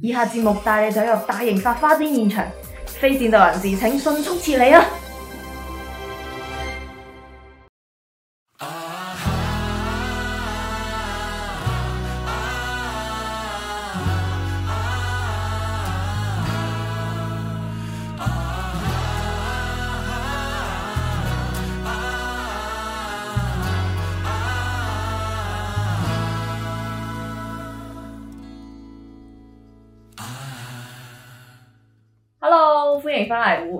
以下節目帶你走入大型發花癲現場，非戰鬥人士請迅速撤離啊！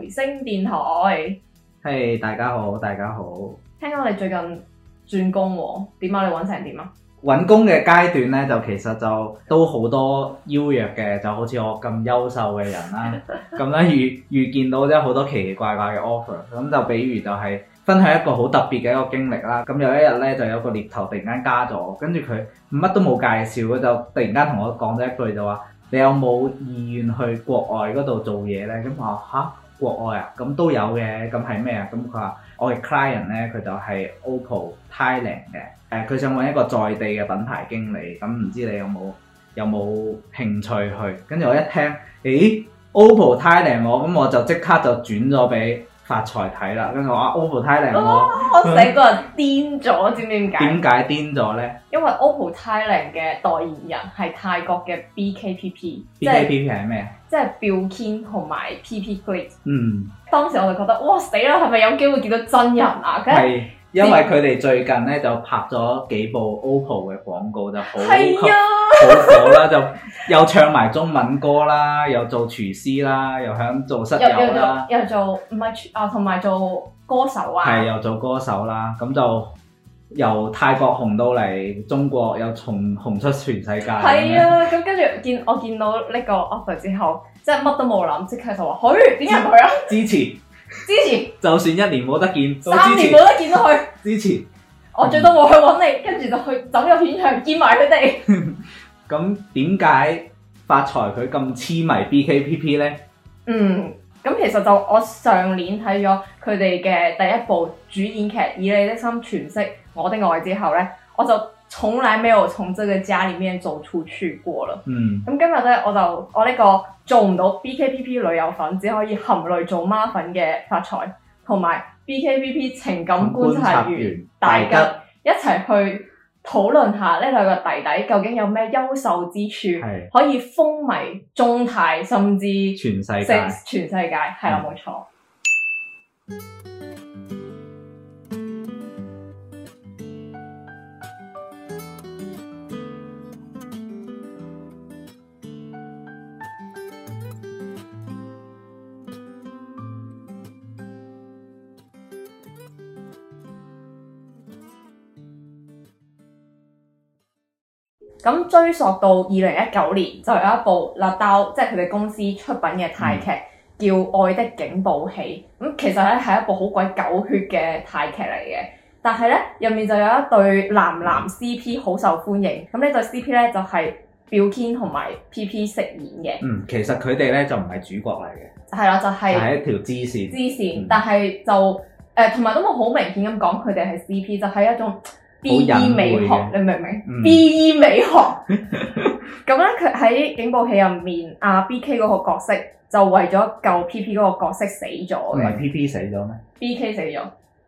星電台，係、hey，大家好，大家好。聽講你最近轉工喎、哦，點啊？你揾成點啊？揾工嘅階段咧，就其實就都好多邀約嘅，就好似我咁優秀嘅人啦、啊。咁咧 遇遇見到咧好多奇奇怪怪嘅 offer。咁就比如就係分享一個好特別嘅一個經歷啦。咁有一日咧就有個獵頭突然間加咗，跟住佢乜都冇介紹，佢就突然間同我講咗一句就話：你有冇意願去國外嗰度做嘢咧？咁我吓。國外啊，咁都有嘅，咁係咩啊？咁佢話我嘅 client 咧，佢就係 OPPO Thailand 嘅，誒、呃、佢想揾一個在地嘅品牌經理，咁、嗯、唔知你有冇有冇興趣去？跟住我一聽，誒 OPPO Thailand 我，咁、嗯、我就即刻就轉咗俾。發財睇啦，跟住、哦嗯、我話，OPPO Thailand 我成個人癲咗，知唔知點解？點解癲咗咧？因為 OPPO Thailand 嘅代言人係泰國嘅 BKPP，BKPP 係咩啊？即係 Billkin 同埋 PPKrit e。P、嗯，當時我就覺得哇死啦，係咪有機會見到真人啊？係、嗯。因為佢哋最近咧就拍咗幾部 OPPO 嘅廣告就好，好火啦，就又唱埋中文歌啦， 又做廚師啦，又響做室友啦，又做唔係啊，同埋做，、啊、做歌手啊，係又做歌手啦，咁就由泰國紅到嚟中國又從，又從紅出全世界。係啊，咁跟住見我見到呢個 offer 之後，即係乜都冇諗，即刻就話去，點解去啊？支持。支持， 就算一年冇得見，三年冇得見到佢，支持前。我最多冇去揾你，跟住 就去走入片場見埋佢哋。咁點解發財佢咁痴迷 BKPP 呢？嗯，咁其實就我上年睇咗佢哋嘅第一部主演劇《以你的心詮釋我的愛》之後呢，我就。從來沒有從這個家裏面走出去過了。嗯，咁今日咧，我就我呢個做唔到 B K P P 女友粉，只可以含淚做媽粉嘅發財，同埋 B K P P 情感觀察員大家一齊去討論下呢兩個弟弟究竟有咩優秀之處，是可以風靡中泰甚至全世界，全世界係啦，冇錯。嗯咁追溯到二零一九年就有一部《辣刀》，即係佢哋公司出品嘅泰劇，嗯、叫《愛的警報器》。咁其實咧係一部好鬼狗血嘅泰劇嚟嘅，但係咧入面就有一對男男 CP 好受歡迎。咁呢、嗯、對 CP 咧就係 Billkin 同埋 PP 飾演嘅。嗯，其實佢哋咧就唔係主角嚟嘅。係咯，就係、是、係一條支線。支線，但係就誒，同、呃、埋都冇好明顯咁講佢哋係 CP，就係一種。B E 美學，你明唔明、嗯、？B E 美學，咁咧佢喺警報器入面，阿 B K 嗰個角色就為咗救 P P 嗰個角色死咗。唔係 P P 死咗咩？B K 死咗，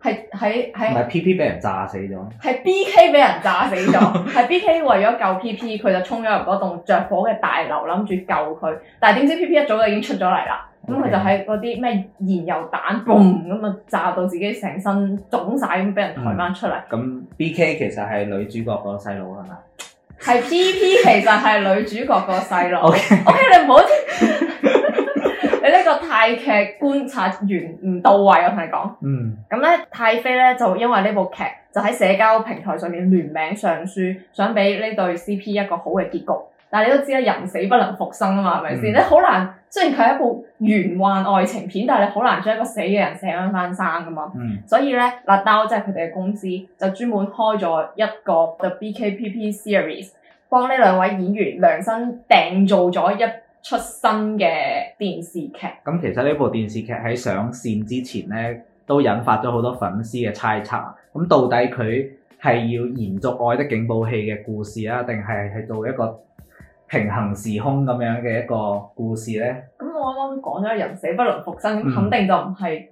係係係。唔係 P P 俾人炸死咗？係 B K 俾人炸死咗，係 B K 為咗救 P P，佢就衝咗入嗰棟着火嘅大樓，諗住救佢，但係點知 P P 一早就已經出咗嚟啦。咁佢 Okay. 就喺嗰啲咩燃油彈 boom 咁啊炸到自己成身腫晒咁，俾人抬翻出嚟。咁、嗯、B K 其實係女主角個細路係咪？係 P P 其實係女主角個細路。O Okay. K、okay，你唔好， 你呢個泰劇觀察員唔到位，我同你講。嗯。咁咧，泰飛咧就因為呢部劇，就喺社交平台上面聯名上書，想俾呢對 C P 一個好嘅結局。但係你都知啦，人死不能復生啊嘛，係咪先？你好難，雖然佢係一部玄幻愛情片，但係你好難將一個死嘅人寫翻翻生噶嘛。嗯、所以咧，辣刀即係佢哋嘅公司就專門開咗一個 The BKPP Series，幫呢兩位演員量身訂造咗一出新嘅電視劇。咁、嗯、其實呢部電視劇喺上線之前咧，都引發咗好多粉絲嘅猜測。咁到底佢係要延續《愛的警報器》嘅故事啊，定係係做一個平行時空咁樣嘅一個故事呢，咁我啱啱講咗人死不能復生，肯定就唔係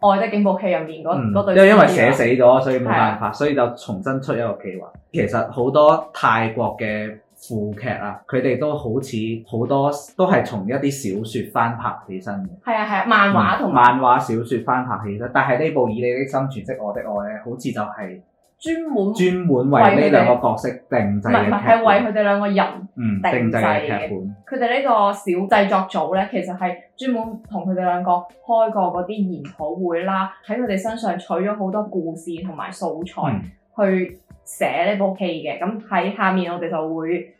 愛的警報器入面嗰對。因為因寫死咗，所以冇辦法，嗯、所以就重新出一個企劃。其實好多泰國嘅腐劇啊，佢哋都好似好多都係從一啲小説翻拍起身嘅。係啊係啊，漫畫同、嗯、漫畫小説翻拍起身，但係呢部以你的心詮釋我的愛咧，好似就係、是。專門專門為呢兩個角色定製唔係，係為佢哋兩個人定制嘅劇、嗯、本。佢哋呢個小製作組咧，其實係專門同佢哋兩個開過嗰啲研討會啦，喺佢哋身上取咗好多故事同埋素材去寫呢部劇嘅。咁喺、嗯、下面我哋就會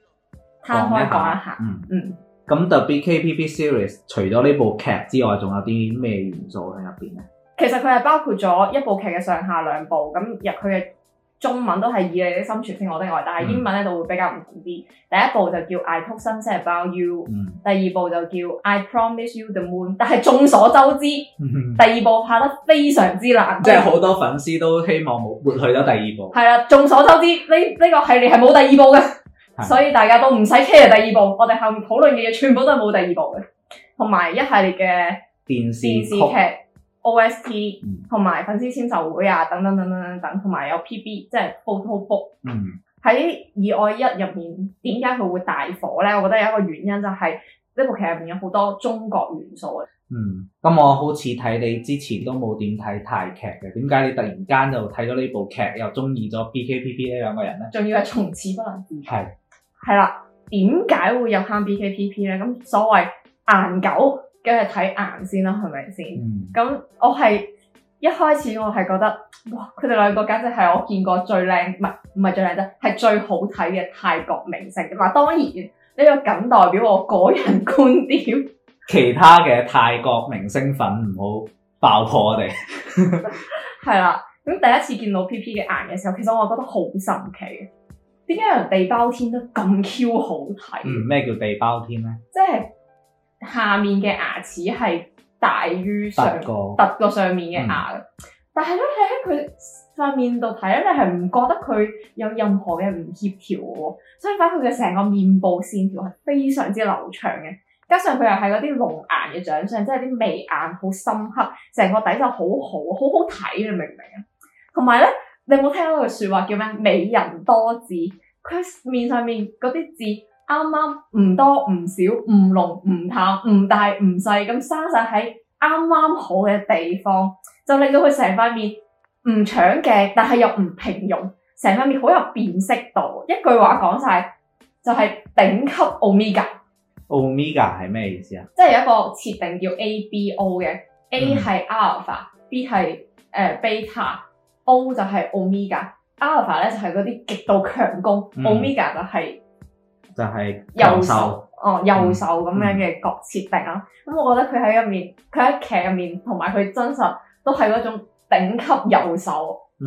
攤開講一下。一下嗯，咁 the BKPP series 除咗呢部劇之外，仲有啲咩元素喺入邊咧？其實佢係包括咗一部劇嘅上下兩部，咁入去嘅。中文都係以你的心詮釋我的愛，但係英文咧就會比較唔同啲。第一部就叫 I told sunset about you，嗯、第二部就叫 I promise you the moon。但係眾所周知，嗯、第二部拍得非常之難。即係好多粉絲都希望冇抹去咗第二部。係啦、嗯，眾、啊、所周知呢呢、呢個系列係冇第二部嘅，的所以大家都唔使 care 第二部。我哋後面討論嘅嘢全部都係冇第二部嘅，同埋一系列嘅電視劇。OST 同埋粉絲簽售會啊，等等等等等等，同埋有 P B 即係 photo book。喺《以愛、嗯、一》入面點解佢會大火咧？我覺得有一個原因就係呢部劇入面有好多中國元素嘅。嗯，咁我好似睇你之前都冇點睇泰劇嘅，點解你突然間就睇咗呢部劇又中意咗 B K P P 呢兩個人咧？仲要係從此不能見。係係啦，點解會入坑 B K P P 咧？咁所謂硬狗。梗係睇顏先啦，係咪先？咁、嗯、我係一開始我係覺得，哇！佢哋兩個簡直係我見過最靚，唔係唔係最靚啫，係最好睇嘅泰國明星。嗱，當然呢、這個僅代表我個人觀點，其他嘅泰國明星粉唔好爆破我哋。係 啦， 咁第一次見到 P P 嘅顏嘅時候，其實我覺得好神奇，點解人地包天都咁 Q 好睇？咩、嗯、叫地包天咧？即係。下面嘅牙齒係大於上凸個過上面嘅牙，嗯、但係咧喺佢塊面度睇咧，你係唔覺得佢有任何嘅唔協調嘅，所以反佢嘅成個面部線條係非常之流暢嘅，加上佢又係嗰啲濃顏嘅長相，即係啲眉眼好深刻，成個底好好就好好好好睇，你明唔明啊？同埋咧，你有冇聽到佢說話叫咩？美人多痣，佢面上面嗰啲痣。啱啱唔多唔少唔濃唔淡唔大唔細咁生晒喺啱啱好嘅地方，就令到佢成塊面唔搶鏡，但係又唔平庸，成塊面好有辨識度。一句話講晒就係、是、頂級 Omega。Omega 係咩意思啊？即係有一個設定叫 ABO 嘅，A 係阿爾法，B 係誒貝塔，O 就係 Omega。Alpha 咧就係嗰啲極度強攻、嗯、，Omega 就係、是。就係右手，哦，右手咁樣嘅角色設定啊。咁、嗯、我覺得佢喺入面，佢喺劇入面同埋佢真實都係嗰種頂級右手。嗯、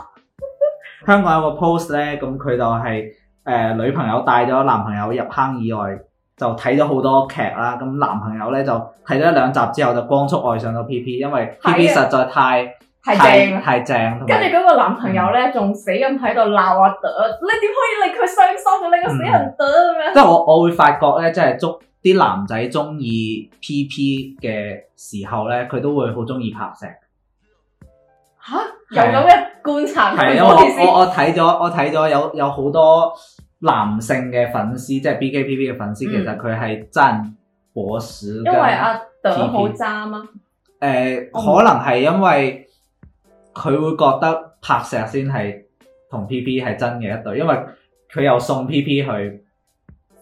香港有個 post 呢、就是，咁佢就係誒女朋友帶咗男朋友入坑以外，就睇咗好多劇啦。咁男朋友呢，就睇咗一兩集之後就光速愛上咗 PP，因為 PP 實在太～係正，係正。跟住嗰個男朋友咧，仲、嗯、死咁喺度鬧阿德你點可以令佢傷心嘅、啊？你個死人德咁樣即係我，我會發覺咧，即係捉啲男仔鍾意 PP 嘅時候咧，佢都會好鍾意拍成。嚇蛤，係咁嘅觀察。係是，因為我我睇咗，我睇咗有有好多男性嘅粉絲，即係 B K P P 嘅粉絲，嗯、其實佢係真果屎。因為阿德好渣啊。誒、呃嗯，可能係因為。佢會覺得拍石先係同 PP 係真嘅一對，因為佢又送 PP 去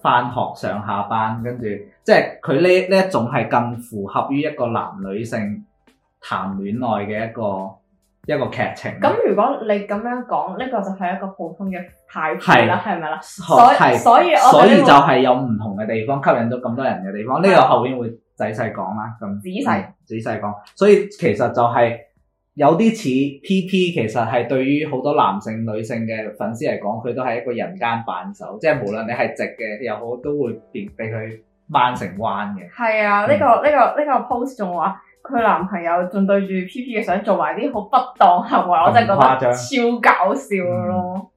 翻學上下班，跟住即係佢呢呢一種係更符合於一個男女性談戀愛嘅一個一個劇情。咁如果你咁樣講，呢、這個就係一個普通嘅泰劇啦，係咪啦？所所以、這個、所以就係有唔同嘅地方吸引咗咁多人嘅地方。呢的個後邊會仔細講啦。咁仔細仔細，細講，所以其實就係、是。有啲似 P P，其實係對於好多男性、女性嘅粉絲嚟講，佢都係一個人間扳手，即係無論你係直嘅，又好都會變俾佢掹成彎嘅。係啊，呢、嗯這個呢、這個呢、這個 post 仲話佢男朋友仲對住 P P 嘅相做埋啲好不當行為，嗯、我真係覺得超搞笑咯。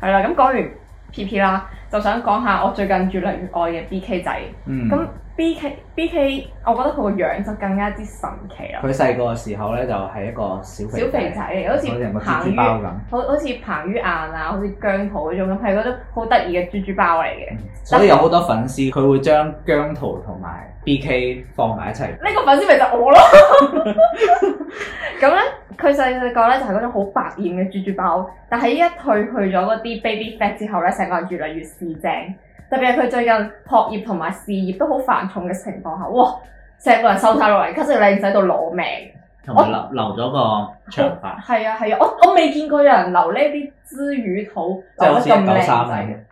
係啦、嗯，咁 講完 P P 啦，就想講下我最近越嚟越愛嘅 B K 仔，咁、嗯。B K B K，我覺得佢個樣就更加之神奇啦！佢細個嘅時候咧，就係一個小肥仔，好似彭于好，好似彭于晏啊，好似姜濤嗰種咁，係嗰種好得意嘅豬豬包嚟嘅。所以有好多粉絲，佢會將姜濤同埋 B K 放埋一齊。呢個粉絲咪就我咯！咁咧，佢細細個咧就係嗰種好百厭嘅豬豬包，但係一退去咗嗰啲 baby fat 之後咧，成個人越嚟越市正。特別係佢最近學業同埋事業都好繁重嘅情況下，哇！成個人瘦晒落嚟，級至靚仔到攞命，同埋留我留咗個長髮。係啊係啊，啊，啊，我我未見過有人留呢啲枝羽兔留得咁靚仔。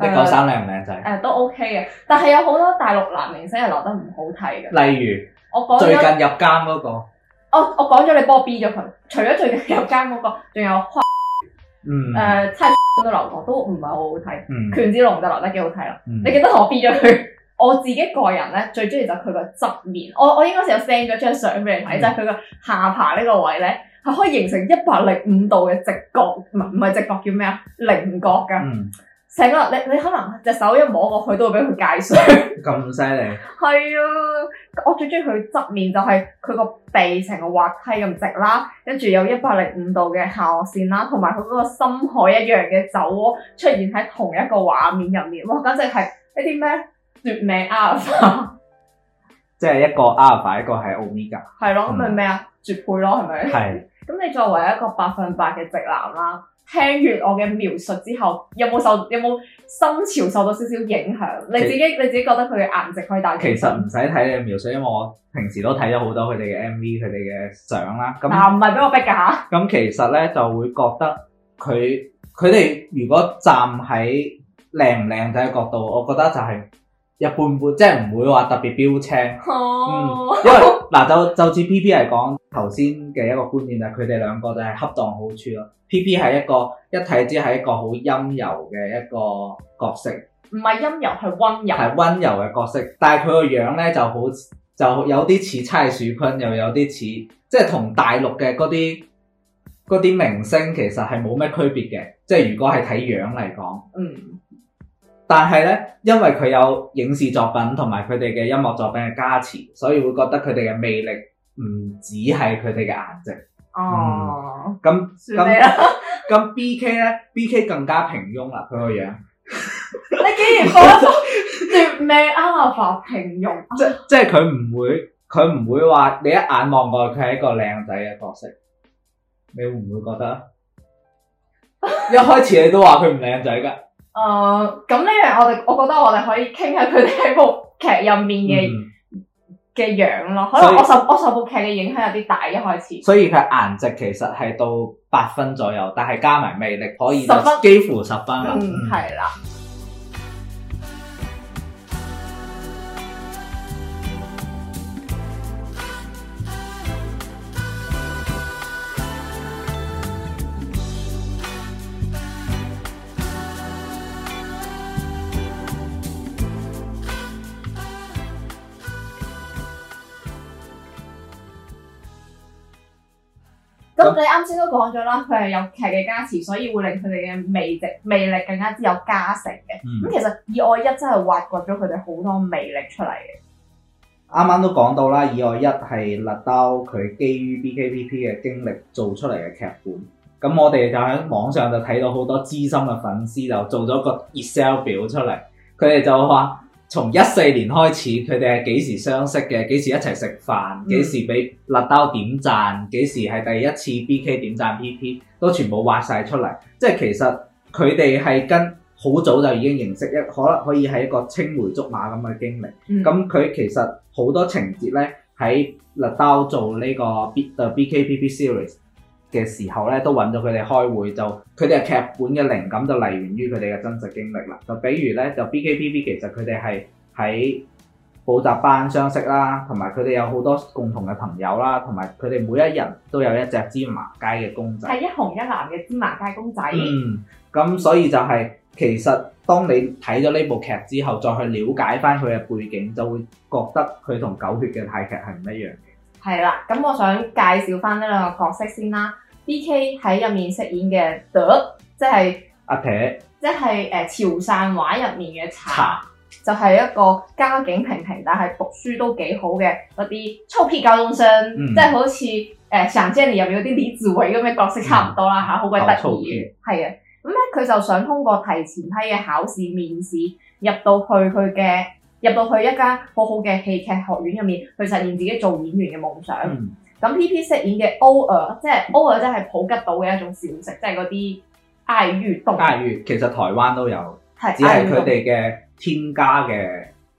一嚿山靚唔靚仔？誒都 OK 嘅，但係有好多大陸男明星係留得唔好睇嘅。例如，我最近入監嗰、那個。啊、我我講咗你幫我 B 咗佢，除咗最近入監嗰、那個，仲有。誒差到流落都唔係好、嗯、好睇，權志龍就留得幾好睇咯。你記得同我變咗佢，我自己個人咧最中意就佢個側面。我我應該成日 send 咗張相俾你睇，嗯、就係佢個下巴呢個位咧，係可以形成一百零五度嘅直角，唔唔係直角叫咩啊？菱角㗎。嗯成個你你可能隻手一摸過去都會俾佢戒水，咁犀利？係啊，我最中意佢側面就係佢個鼻成個滑梯咁直啦，跟住有一百零五度嘅下落線啦，同埋佢嗰個深海一樣嘅酒窩出現喺同一個畫面入面，哇！簡直係一啲咩奪命阿爾法！即係一個阿爾法，一個係奧米伽，係咯有，咁咪咩啊？絕配咯，係咪？係是。咁 你作為一個百分百嘅直男啦。聽完我嘅描述之後，有冇受有冇心潮受到少少影響？其你自己你自己覺得佢嘅顏值可以打？其實唔使睇你嘅描述，因為我平時都睇咗好多佢哋嘅 MV、佢哋嘅相啦。咁啊唔係俾我逼噶吓。咁其實咧就會覺得佢佢哋如果站喺靚唔靚仔嘅角度，我覺得就係、是。一般般，即係唔會話特別標青、oh. 嗯，因為嗱 就就似 P P 嚟講，頭先嘅一個觀念就係佢哋兩個就係恰當好處咯。P P 係一個一睇之係一個好陰柔嘅一個角色，唔係陰柔係溫柔係溫柔嘅角色，但係佢個樣咧就好就有啲似蔡徐坤，又有啲似即係同大陸嘅嗰啲啲明星其實係冇咩區別嘅，即係如果係睇樣嚟講，嗯。但係咧，因為佢有影視作品同埋佢哋嘅音樂作品嘅加持，所以會覺得佢哋嘅魅力唔止係佢哋嘅顏值。哦，咁咁咁 B K 咧，B K 更加平庸啦，佢個樣。 你竟然講奪命 Alpha 平庸，啊 即？即即係佢唔會，佢唔會話你一眼望過佢係一個靚仔嘅角色，你會唔會覺得？一開始你都話佢唔靚仔噶。誒，咁呢、uh, 樣我哋，我覺得我哋可以傾下佢哋喺部劇入面嘅嘅、嗯、樣咯。可能我受以我受部劇嘅影響有啲大，一開始。所以佢顏值其實係到八分左右，但係加埋魅力可以十分，幾乎十分，嗯，係啦。咁你啱先都講咗啦，佢係有劇嘅加持，所以會令佢哋嘅魅力魅力更加之有加成嘅。咁、嗯、其實二剛剛《以愛1》真係挖掘咗佢哋好多魅力出嚟嘅。啱啱都講到啦，《以愛1》係立刀佢基於 BKPP 嘅經歷做出嚟嘅劇本。咁、嗯、我哋就喺網上就睇到好多資深嘅粉絲就做咗個 Excel 表出嚟，佢哋就話。從一四年開始，佢哋係幾時相識嘅？幾時一齊食飯？幾時俾辣刀點讚？幾時係第一次 B K 點讚 P P 都全部挖晒出嚟。即係其實佢哋係跟好早就已經認識一，可能可以係一個青梅竹馬咁嘅經歷。咁佢、嗯、其實好多情節咧喺辣刀做呢個 B 呃 B K P P series。嘅時候咧，都揾到佢哋開會，就佢哋嘅劇本嘅靈感就嚟源於佢哋嘅真實經歷啦。就比如呢，就 BKPP 其實佢哋係喺補習班相識啦，同埋佢哋有好多共同嘅朋友啦，同埋佢哋每一人都有一隻芝麻街嘅公仔，係一紅一藍嘅芝麻街公仔。嗯，咁所以就係、是、其實當你睇咗呢部劇之後，再去了解翻佢嘅背景，就會覺得佢同狗血嘅泰劇係唔一樣嘅。係啦，咁我想介紹翻呢兩個角色先啦。BK 喺入面飾演嘅德，即係阿撇，即係誒潮汕話入面嘅茶，就係一個家境平平但係讀書都幾好嘅嗰啲臭屁高中生，即係好似誒《想見你》入面嗰啲李子維咁嘅角色差唔多啦嚇，好鬼得意，係啊，咁咧佢就想通過提前批嘅考試面試入到去佢嘅入到去一家好好嘅戲劇學院入面，去實現自己做演員嘅夢想。咁 PP 飾演嘅 O 啊，即、er，係 O 啊，即、er、係普吉島嘅一種小食，即係嗰啲艾魚凍。其實台灣都有，係是只係佢哋嘅添加嘅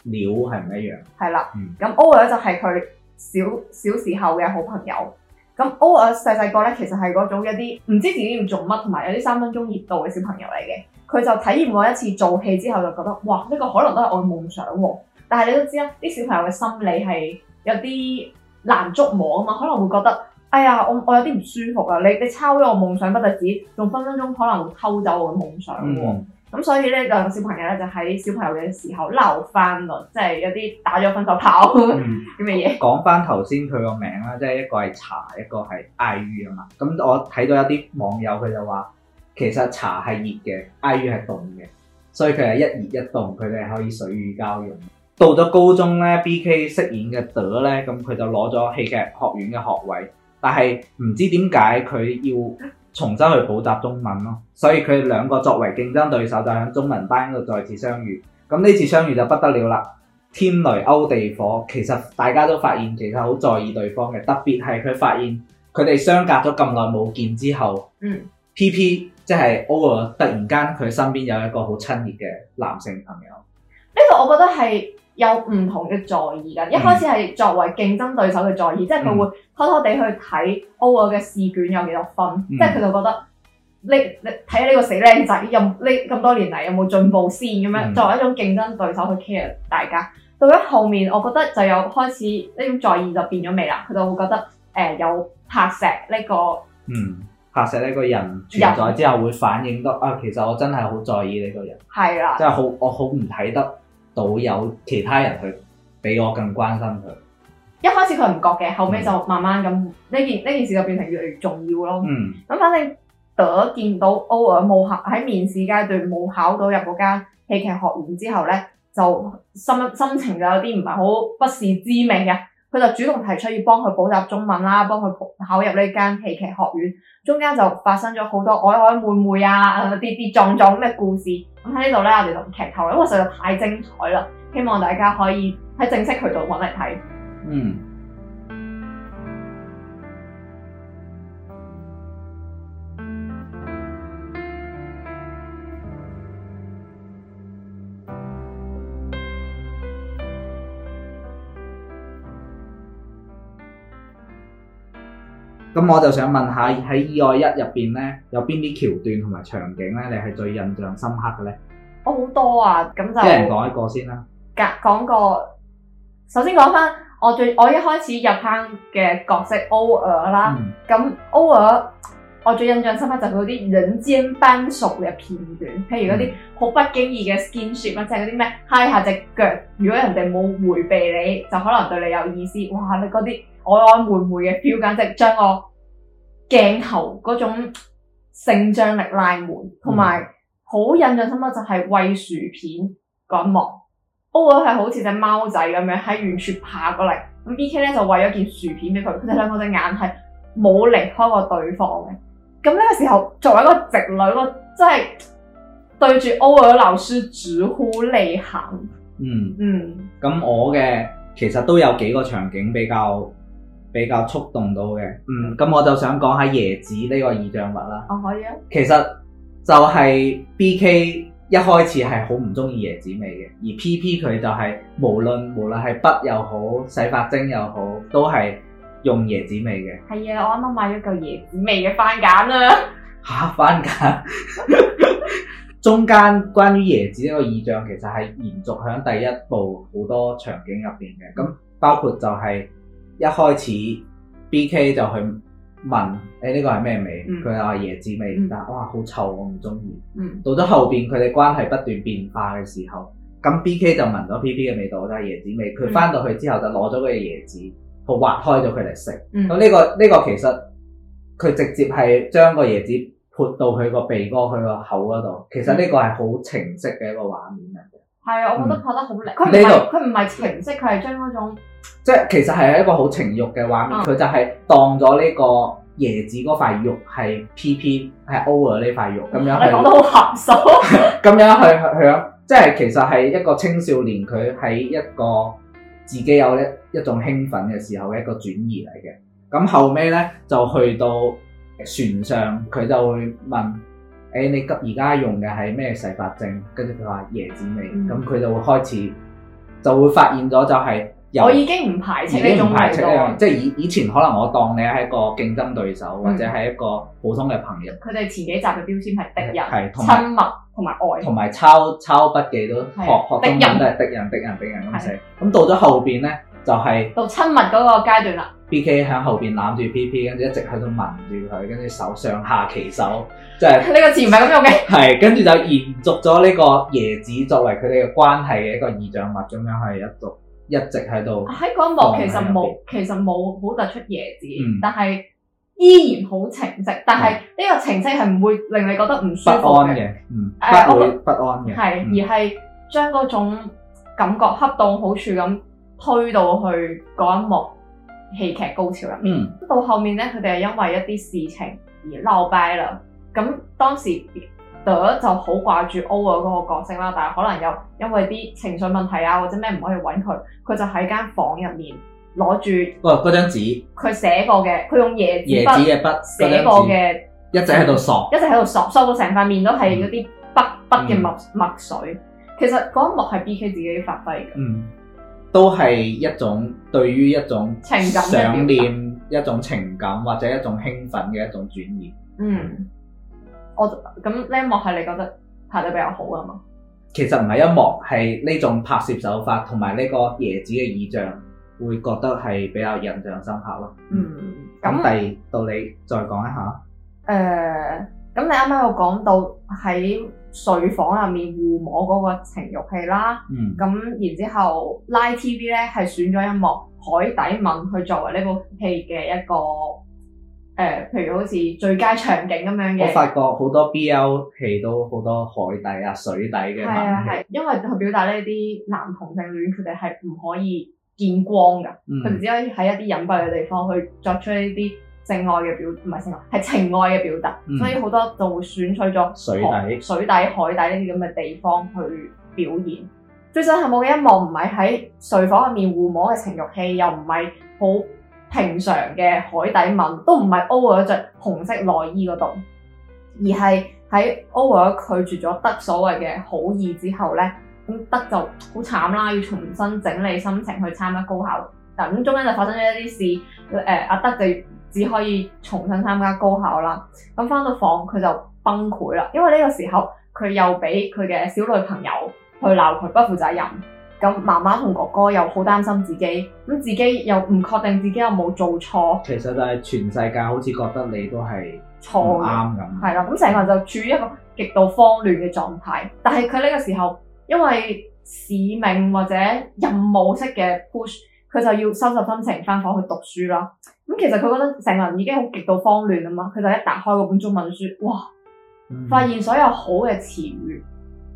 料係唔一樣。係啦的，咁、嗯、O 啊、er、就係佢小小時候嘅好朋友。咁 O 啊細細個咧，其實係嗰種一啲唔知自己要做乜，同埋有啲三分鐘熱度嘅小朋友嚟嘅。佢就體驗過一次做戲之後，就覺得哇，呢、這個可能都係我嘅夢想喎、啊。但係你都知啦，啲小朋友嘅心理係有啲～難捉摸啊嘛，可能會覺得，哎呀，我我有啲唔舒服啊！你你抄咗我夢想不單止，仲分分鐘可能會偷走我嘅夢想喎、啊。咁、嗯、所以呢，兩個小朋友咧就喺小朋友嘅時候鬧翻咯，即係有啲打咗分手炮咁嘅嘢。講翻頭先佢個名啦，即係一個係茶，一個係 IU 啊嘛。咁我睇到一啲網友佢就話，其實茶係熱嘅，IU 係凍嘅，所以佢係一熱一凍，佢哋係可以水乳交融。到咗高中咧，B K 飾演嘅德咧，咁佢就攞咗戲劇學院嘅學位，但係唔知點解佢要重新去補習中文咯，所以佢兩個作為競爭對手就喺中文班度再次相遇，咁呢次相遇就不得了啦，天雷勾地火，其實大家都發現其實好在意對方嘅，特別係佢發現佢哋相隔咗咁耐冇見之後，嗯，P P 即係 O 突然間佢身邊有一個好親熱嘅男性朋友，呢個我覺得係。有唔同嘅在意㗎，一開始係作為競爭對手嘅在意，嗯、即係佢會偷偷地去睇 O 嘅試卷有幾多分，嗯、即係佢就覺得你呢睇下呢個死靚仔有呢咁多年嚟有冇進步先咁樣，作為一種競爭對手去 care 大家。到咗後面，我覺得就有開始呢種在意就變咗味啦，佢就會覺得誒、呃、有拍石呢個，嗯，拍石呢個人入咗之後會反應到啊，其實我真係好在意呢個人，係啦的，即係好我好唔睇得。到有其他人去比我更關心佢，一開始佢唔覺嘅，後尾就慢慢咁呢 件呢件事就變成越嚟越重要咯。咁、嗯、反正朵見到 O 啊冇考喺面試階段冇考到入嗰間戲劇學院之後咧，就心心情就有啲唔係好不是滋味嘅。佢就主動提出要幫佢補習中文啦，幫佢考入呢間戲劇學院。中間就發生咗好多曖曖昧昧啊、跌跌撞撞嘅故事。咁喺呢度咧，我哋就唔劇透，因為實在太精彩啦。希望大家可以喺正式渠道揾嚟睇。嗯。咁我就想問下喺《以愛一》入邊咧，有邊啲橋段同埋場景咧？你係最印象深刻嘅咧？哦，我好多啊！咁就一人講一個先啦。講個首先講翻我最我一開始入坑嘅角色歐兒啦。咁歐兒我最印象深刻就係嗰啲兩肩扳熟嘅片段，譬如嗰啲好不經意嘅 skinship 即係嗰啲咩嗨下隻腳。如果人哋冇迴避你，你就可能對你有意思。哇！你嗰啲～我曖昧昧嘅 feel 簡直將我鏡頭嗰種性張力拉滿，同埋好印象深刻就係餵薯片嗰一幕。歐兒係好似隻貓仔咁樣喺完全爬過嚟，咁 B K 咧就餵咗件薯片俾佢，佢哋兩個隻眼係冇離開過對方嘅。咁呢個時候，作為一個直女，囉真係對住歐兒樓主好嚟恆。嗯嗯，咁、嗯、我嘅其實都有幾個場景比較。比較觸動到嘅，嗯，咁我就想講下椰子呢個意象物啦。哦，可以啊。其實就係 B K 一開始係好唔中意椰子味嘅，而 P P 佢就係無論無論係筆又好，洗髮精又好，都係用椰子味嘅。係啊，我啱啱買咗嚿椰子味嘅番梘啦。嚇！番 梘， 中間關於椰子呢個意象其實係延續響第一部好多場景入邊嘅，咁包括就係、是。一開始 B K 就去問：誒呢個係咩味？佢話、嗯、椰子味，嗯、但係哇好臭，我唔中意。嗯、到咗後邊佢哋關係不斷變化嘅時候，咁 B K 就聞咗 PP 嘅味道，都、就、係、是、椰子味。佢翻到去之後就攞咗個椰子，佢挖開咗佢嚟食。咁呢、嗯這個呢、這個其實佢直接係將個椰子潑到佢個鼻哥、佢個口嗰度。其實呢個係好情色嘅一個畫面嚟嘅。係啊、嗯，我覺得拍得好靚。佢唔係佢唔係情色，佢係將嗰種。即係其實係一個好情慾嘅畫面，佢、嗯、就係當咗呢個椰子嗰塊肉係 PP 係 over 呢塊肉咁哇樣去偷鹹手，咁樣去係啊！即係其實係一個青少年佢喺一個自己有一一種興奮嘅時候嘅一個轉移嚟嘅。咁後尾咧就去到船上，佢就會問：誒、欸、你急而家用嘅係咩洗髮精？跟住佢話椰子味，咁佢、嗯、就會開始就會發現咗就係、是。我已經唔排斥呢種，即係以以前可能我當你係一個競爭對手，或者係一個普通嘅朋友。佢哋前幾集嘅標籤係敵人，係親密，同埋愛，同埋抄抄筆記都學學到都係敵人，敵人，敵人咁寫。咁到咗後邊咧，就係到親密嗰個階段啦。BK 響後邊攬住 P P，跟住一直喺度聞住佢，跟住手上下其手，即係呢個詞唔係咁用嘅。係跟住就延續咗呢個椰子作為佢哋嘅關係嘅一個意象物，咁樣去一組。一直喺度。喺嗰一幕其實冇，其實冇好突出椰子，嗯、但係依然好情色。但係呢個情色係唔會令你覺得唔舒服嘅。不安嘅，嗯，呃、不不安嘅。係而係將嗰種感覺恰到好處咁推到去嗰一幕戲劇高潮入面。嗯、到後面咧，佢哋係因為一啲事情而鬧掰啦。咁當時，就好掛住 O 啊嗰個角色啦，但係可能又因為啲情緒問題啊或者咩唔可以搵佢，佢就喺間房入面攞住、哦，嗰張紙，佢寫過嘅，佢用椰子椰子嘅筆寫過嘅，一直喺度索，一直喺度索，索到成塊面都係嗰啲筆筆嘅墨墨水。其實嗰一幕係 B K 自己發揮嘅，嗯，都係一種對於一種情感想念、一種情感或者一種興奮嘅一種轉移，嗯。我咁呢一幕係你覺得拍得比較好啊嘛？其實唔係一幕，係呢種拍攝手法同埋呢個椰子嘅意象，會覺得係比較印象深刻咯。嗯，咁第二到你再講一下。誒、呃，咁你啱啱有講到喺睡房入面互摸嗰個情欲戲啦。嗯。咁然之後，Line TV 咧係選咗一幕海底吻去作為呢部戲嘅一個。誒、呃，譬如好似最佳場景咁樣嘅，我發覺好多 BL 戲都好多海底啊、水底嘅。係因為佢表達呢啲男同性戀，佢哋係唔可以見光噶，佢、嗯、只可以喺一啲隱蔽嘅地方去作出呢啲性愛嘅表，唔係性愛，係情愛嘅表達。嗯、所以好多就會選取咗水底、水底、海底呢啲咁嘅地方去表演。最震撼嘅一幕唔係喺睡房入面互摸嘅情欲戲，又唔係好平常嘅海底吻都唔係歐兒着紅色內衣嗰度，而係喺歐兒拒絕咗德所謂嘅好意之後咧，咁德就好慘啦，要重新整理心情去參加高考。但咁中間就發生咗一啲事，誒、呃、阿德就只可以重新參加高考啦。咁返到房佢就崩潰啦，因為呢個時候佢又俾佢嘅小女朋友去鬧佢不負責任。咁，媽媽同哥哥又好擔心自己，咁自己又唔確定自己有冇做錯。其實就係全世界好似覺得你都係錯啱咁係啦。咁成個人就處於一個極度慌亂嘅狀態。但係佢呢個時候，因為使命或者任務式嘅 push，佢就要收拾心情翻房去讀書啦。咁其實佢覺得成個人已經好極度慌亂啊嘛。佢就一打開嗰本中文書，哇！嗯、哼發現所有好嘅詞語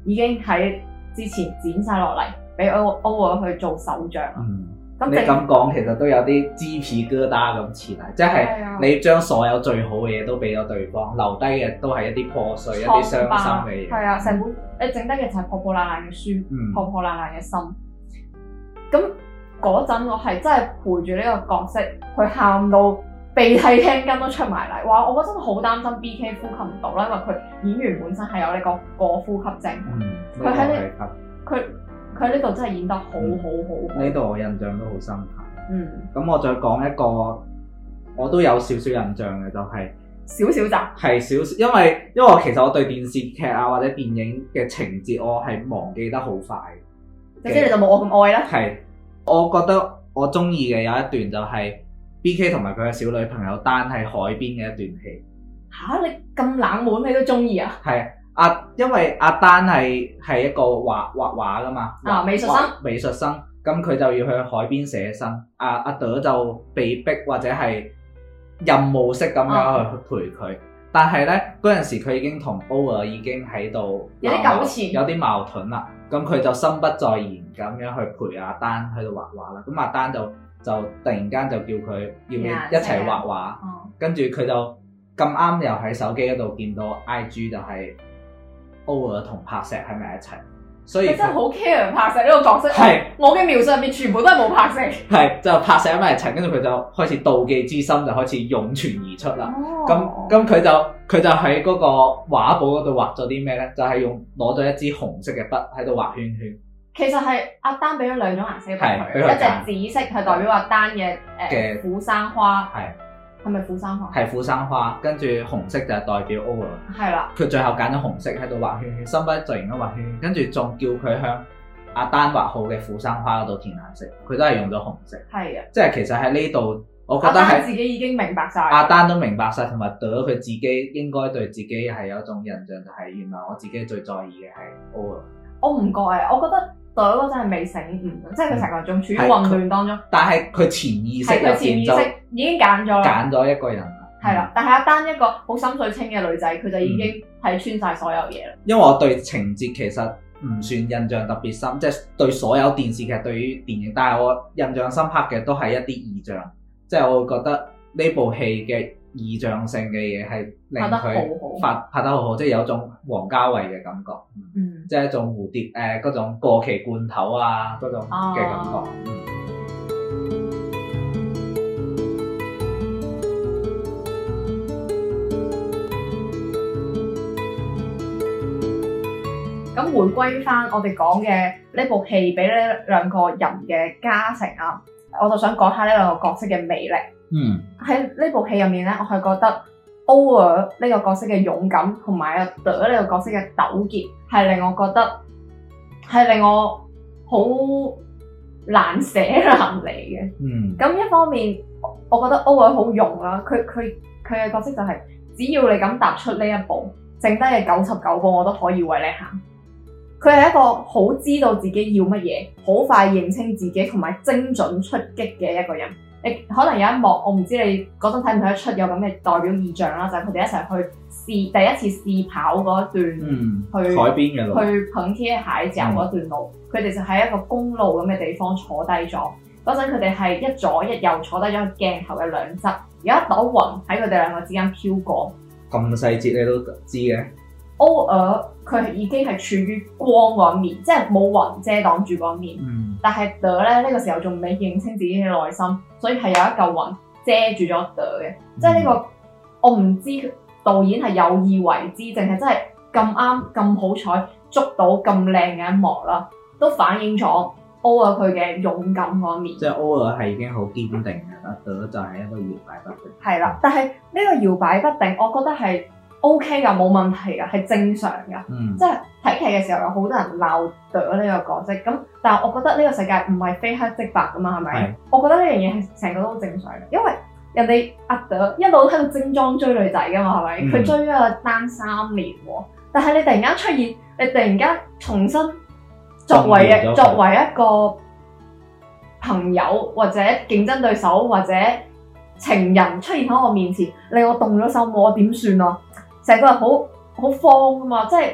已經喺之前剪晒落嚟。俾 over 去做手掌，嗯，正你咁講其實都有啲支皮疙瘩咁似啦，即係你將所有最好嘅嘢都俾咗對方，留低嘅都係一啲破碎、造一啲傷心嘅嘢，係啊、嗯，成本你整低嘅就係破破爛爛嘅書，破破爛爛嘅心。咁嗰陣我係真係陪住呢個角色，佢喊到鼻涕聽根都出埋嚟，哇！我真係好擔心 BK 呼吸唔到啦，因為佢演員本身係有呢、這個過呼吸症，佢喺你佢。它 佢呢度真係演得好好、嗯、好！呢度我印象都好深刻。嗯。咁我再講一個，我都有少少印象嘅，就係少少集。係少少，因為因為我其實我對電視劇啊或者電影嘅情節，我係忘記得好快。咁即係你就冇我咁愛啦。係，我覺得我中意嘅有一段就係 B K 同埋佢嘅小女朋友丹喺海邊嘅一段戲。吓？你咁冷門，你都中意啊？係。阿因為阿丹係係一個畫畫畫㗎嘛，啊、哦，美術生，美術生，咁佢就要去海邊寫生。阿阿朵就被逼或者係任務式咁樣去去陪佢，哦、但係咧嗰陣時佢已經同 Ola 已經喺度有啲糾纏，有啲矛盾啦。咁佢就心不在焉咁樣去陪阿丹喺度畫畫啦。咁阿丹就就突然間就叫佢要佢一齊畫畫，嗯、跟住佢就咁啱又喺手機嗰度見到 IG 就係、係。同拍石喺埋一齊，所以真係好 care 拍石呢個角色。係是我嘅描述入邊全部都係冇拍石。係就拍石喺埋一齊，跟住佢就開始妒忌之心就開始湧泉而出啦。咁咁佢就佢就喺嗰個畫簿嗰度畫咗啲咩咧？就係、是、用攞咗一支紅色嘅筆喺度畫圈圈。其實係阿丹俾咗兩種顏色嘅筆，一隻紫色係代表阿丹嘅誒嘅苦山花。係咪扶桑花？係扶桑花，跟住紅色就係代表 O 啦的。係啦。佢最後揀咗紅色喺度畫圈圈，心不在焉咁畫圈圈，跟住仲叫佢向阿丹畫好嘅扶桑花嗰度填顏色，佢都係用咗紅色。係啊的。即係其實喺呢度，我覺得係自己已經明白晒。阿丹都明白晒，同埋對咗佢自己應該對自己係有一種印象，就係原來我自己最在意嘅係 O、哦。我唔覺啊，我覺得。對，我真係未醒悟、嗯，即係佢成個人仲處於混亂當中。但係佢潛意識佢潛意識已經揀咗揀咗一個人，係啦的。嗯、但係一單一個好心水清嘅女仔，佢就已經睇穿晒所有嘢啦。因為我對情節其實唔算印象特別深，即係對所有電視劇對於電影，但係我印象深刻嘅都係一啲意象，即係我會覺得呢部戲嘅。意象性嘅嘢係令佢拍拍得好 拍得好，即係有一種王家衞嘅感覺，嗯、即係一種蝴蝶誒嗰、呃、種過期罐頭啊嗰種嘅感覺。咁、啊嗯、回歸翻我哋講嘅呢部戲，俾呢兩個人嘅加成啊，我就想講下呢兩個角色嘅魅力。嗯。喺呢部戲入面咧，我係覺得 o 歐兒呢個角色嘅勇敢，同埋啊德呢個角色嘅糾結，係令我覺得係令我好難捨難離嘅。嗯，咁一方面，我覺得 o 歐兒好勇啦，佢佢佢嘅角色就係、是、只要你敢踏出呢一步，剩低嘅九十九個我都可以為你行。佢係一個好知道自己要乜嘢，好快認清自己，同埋精準出擊嘅一個人。你可能有一幕，我唔知你嗰陣睇唔睇得出有咁嘅代表意象啦，就係佢哋一齊去試第一次試跑嗰一段，嗯、去海邊嘅路，去捧 T 蟹鞋走嗰段路，佢哋、嗯、就喺一個公路咁嘅地方坐低咗。嗰陣佢哋係一左一右坐低咗個鏡頭嘅兩側，有一朵雲喺佢哋兩個之間飄過。咁細節你都知嘅。O 朵佢已經係處於光嗰面，即係冇雲遮擋住嗰面。嗯、但係朵咧呢、呢個時候仲未認清自己嘅內心，所以係有一嚿雲遮住咗朵嘅。嗯、即係呢、呢個我唔知導演係有意為之，定係真係咁啱咁好彩捉到咁靚嘅一幕啦，都反映咗 O 啊佢嘅勇敢嗰面。即係 O 啊，係已經好堅定嘅，朵、嗯嗯、就係一個搖擺不定。係啦，但係呢個搖擺不定，我覺得係。O K 噶，冇、okay、問題噶，係正常噶。嗯、即係睇劇嘅時候，有好多人鬧德呢個角色。咁但係我覺得呢個世界唔係非黑即白噶嘛，係咪？是我覺得呢樣嘢係成個都好正常。因為人哋阿德一路喺度精裝追女仔噶嘛，係咪？佢、嗯、追咗單三年喎。但係你突然間出現，你突然間重新作為嘅作為一個朋友或者競爭對手或者情人出現喺我面前，令我動咗手我點算啊？成個人好好慌㗎嘛！即係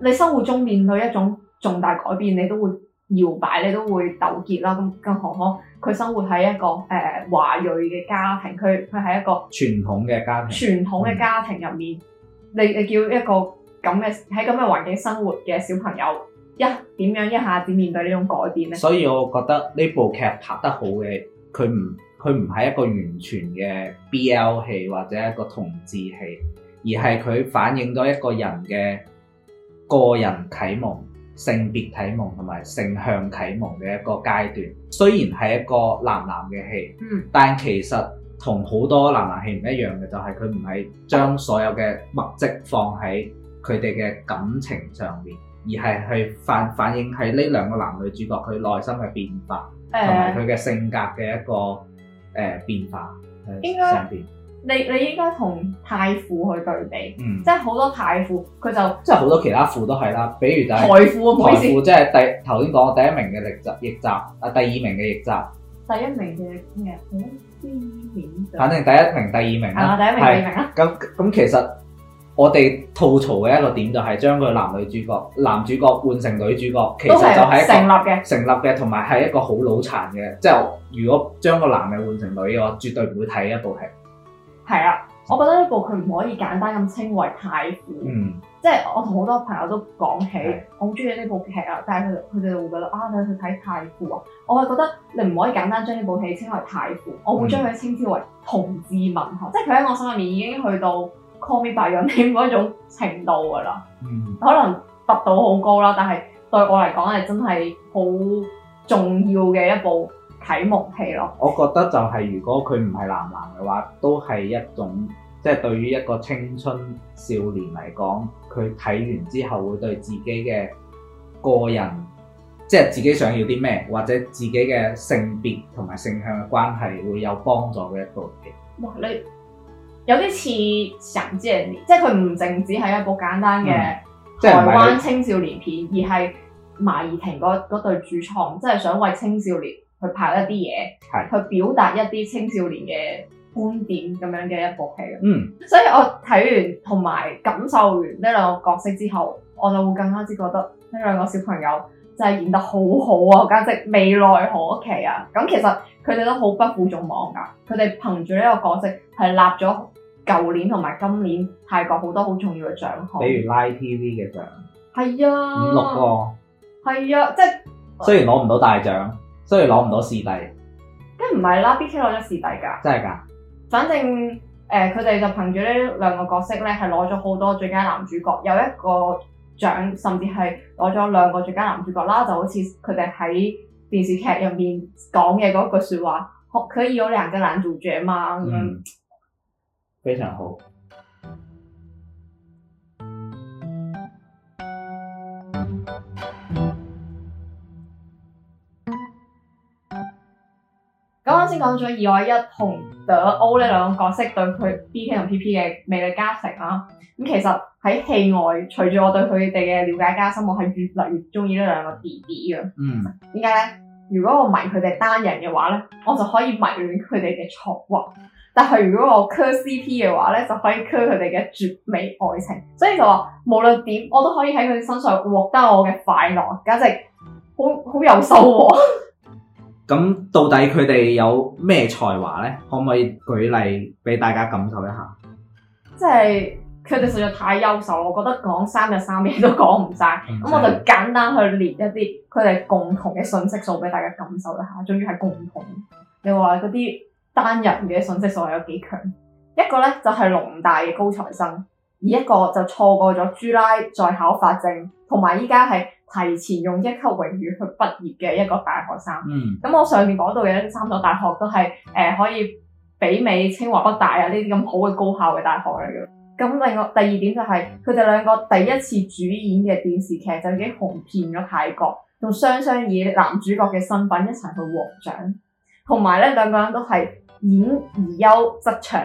你生活中面對一種重大改變，你都會搖擺，你都會糾結啦。咁更何況佢生活喺一個誒、呃、華裔嘅家庭，佢佢係一個傳統嘅家庭，傳統嘅家庭入面，嗯、你你叫一個咁嘅喺咁嘅環境生活嘅小朋友，一點樣一下子面對呢種改變呢？所以我覺得呢部劇拍得好嘅，佢唔佢唔係一個完全嘅 B L 戲或者一個同志戲。而係佢反映咗一個人嘅個人啟蒙、性別啟蒙同埋性向啟蒙嘅一個階段。雖然係一個男男嘅戲，嗯，但其實同好多男男戲唔一樣嘅，就係佢唔係將所有嘅物跡放喺佢哋嘅感情上面，而係去反反映喺呢兩個男女主角佢內心嘅變化同埋佢嘅性格嘅一個誒、呃、變化上該邊。你你應該同泰富去對比，嗯、即係好多泰富佢就即係好多其他富都係啦，比如就係、富、皇富，即係第頭先講第一名嘅逆襲，逆襲啊，第二名嘅逆襲，第一名嘅咩好反正第一名、第二名啦，啊、第一名、第二名啦。咁咁其實我哋吐槽嘅一個點就係將個男女主角男主角換成女主角，其實就係成立嘅、成立嘅，同埋係一個好腦殘嘅。嗯、即係如果將個男嘅換成女嘅，我絕對唔會睇一部戲。係啊，我覺得呢部佢唔可以簡單咁稱為泰腐，嗯、即係我同好多朋友都講起，嗯、我好中意呢部劇啊。但係佢哋佢哋會覺得啊，你去睇泰腐啊，我係覺得你唔可以簡單將呢部戲稱為泰腐，嗯、我會將佢稱之為同志文學，嗯、即係佢喺我心入面已經去到 Call Me By Your Name 嗰種程度噶啦，嗯、可能達到好高啦，但係對我嚟講係真係好重要嘅一部。睇木器咯，我覺得就係如果佢唔係男男嘅話，都係一種即係、就是、對於一個青春少年嚟講，佢睇完之後會對自己嘅個人，即、就、係、是、自己想要啲咩，或者自己嘅性別同埋性向嘅關係會有幫助嘅一部片。哇！你有啲似神之年，即係佢唔淨止係一部簡單嘅台灣青少年片，嗯、而係馬怡婷嗰對主創，即、就、係、是、想為青少年。去拍一啲嘢，的去表達一啲青少年嘅觀點，咁樣嘅一部戲。嗯，所以我睇完同埋感受完呢兩個角色之後，我就會更加之覺得呢兩個小朋友就係演得好好啊！簡直未來可期啊！咁其實佢哋都好不負眾望噶，佢哋憑住呢個角色係立咗舊年同埋今年泰國好多好重要嘅獎項，比如 Line TV 嘅獎，係啊，五六個，係啊，即係雖然攞唔到大獎。所以攞唔到視帝，梗唔係啦，B K 攞咗視帝㗎，真係㗎。反正誒，佢、呃、哋就憑住呢兩個角色咧，係攞咗好多最佳男主角，有一個獎，甚至係攞咗兩個最佳男主角啦。就好似佢哋喺電視劇入面講嘅嗰句説話，可可以有兩個男主角嗎？咁樣，嗯，非常好。先講咗以愛一同德 O 呢兩個角色對佢 B K 同 P P 嘅魅力加成啦。咁其實喺戲外，隨住我對佢哋嘅了解加深，我係越嚟越中意呢兩個弟弟嘅。嗯，點解咧？如果我迷佢哋單人嘅話咧，我就可以迷戀佢哋嘅才華；但係如果我嗑 CP 嘅話咧，就可以嗑佢哋嘅絕美愛情。所以就話無論點，我都可以喺佢哋身上獲得我嘅快樂，簡直好好著數 咁到底佢哋有咩才華呢？可唔可以舉例俾大家感受一下？即係佢哋實在太優秀啦！我覺得講三日三夜都講唔晒，咁、 嗯、我就簡單去列一啲佢哋共同嘅信息素俾大家感受一下。總之係共同。你話嗰啲單人嘅信息素係有幾強？一個呢就係、是、農大嘅高材生，而一個就錯過咗朱拉再考在考法證，同埋依家係。提前用一級榮譽去畢業嘅一個大學生，咁、嗯、我上面講到嘅三所大學都係誒、呃、可以媲美清華、北大啊呢啲咁好嘅高校嘅大學嚟嘅。咁另外第二點就係佢哋兩個第一次主演嘅電視劇就已經紅遍咗泰國，仲雙雙以男主角嘅身份一齊去獲獎，同埋咧兩個人都係演而優則唱，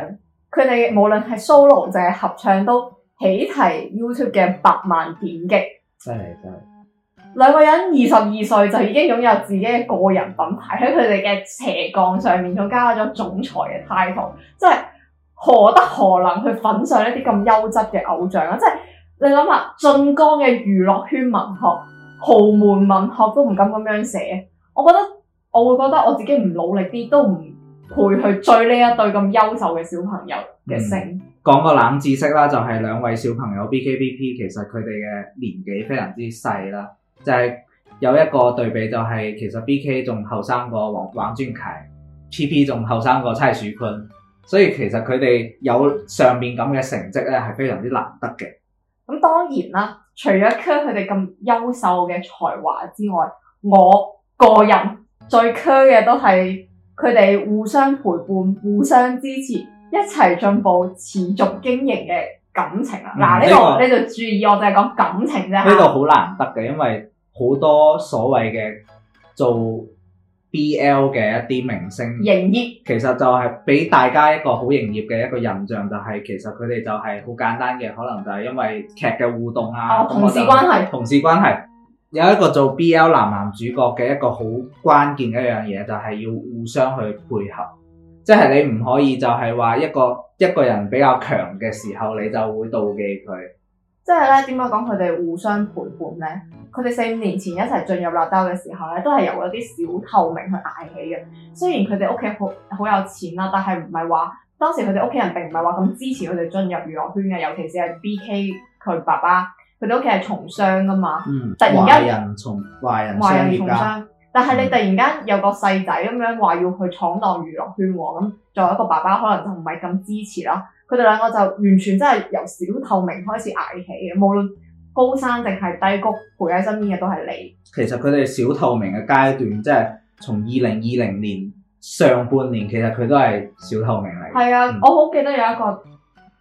佢哋無論係 solo 就係合唱都喜提 YouTube 嘅百萬點擊，真係真係。兩個人二十二歲就已經擁有自己嘅個人品牌，喺佢哋嘅斜槓上面仲加咗總裁嘅態度，即係何德何能去粉上一啲咁優質嘅偶像啊！即係你諗下，晉江嘅娛樂圈文學、豪門文學都唔敢咁樣寫，我覺得我會覺得我自己唔努力啲都唔配去追呢一對咁優秀嘅小朋友嘅星。講、嗯、個冷知識啦，就係、是、兩位小朋友 B K P P，其實佢哋嘅年紀非常之細啦。就係有一個對比、就是，就係其實 B K 仲後生過王王俊凱，P P 仲後生過蔡徐坤，所以其實佢哋有上面咁嘅成績咧，係非常之難得嘅。咁當然啦，除咗嗑佢哋咁優秀嘅才華之外，我個人最嗑嘅都係佢哋互相陪伴、互相支持、一齊進步、持續經營嘅感情啊！嗱、嗯，呢、這個，呢度、這個、注意，我淨係講感情啫。呢度好難得嘅，因為好多所謂嘅做 BL 嘅一啲明星，營業其實就係俾大家一個好營業嘅一個印象、就是，就係其實佢哋就係好簡單嘅，可能就係因為劇嘅互動啊，啊同事關係，同事關係。有一個做 BL 男男主角嘅一個好關鍵嘅一樣嘢，就係、是、要互相去配合。即係你唔可以就係話一個一個人比較強嘅時候，你就會妒忌佢。即係咧，點解講佢哋互相陪伴咧？佢哋四五年前一齊進入《辣爆》嘅時候咧，都係由嗰啲小透明去捱起嘅。雖然佢哋屋企好好有錢啦，但係唔係話當時佢哋屋企人並唔係話咁支持佢哋進入娛樂圈嘅。尤其是係 BK 佢爸爸，佢哋屋企係從商噶嘛。嗯，突然間，華。華人從華人從商。但係你突然間有個細仔咁樣話要去闖蕩娛樂圈喎、啊，咁作為一個爸爸，可能就唔係咁支持啦。佢哋兩個就完全真係由小透明開始捱起嘅，無論高山定係低谷，陪喺身邊嘅都係你。其實佢哋小透明嘅階段，即係從二零二零年上半年，其實佢都係小透明嚟。係啊，嗯、我好記得有一個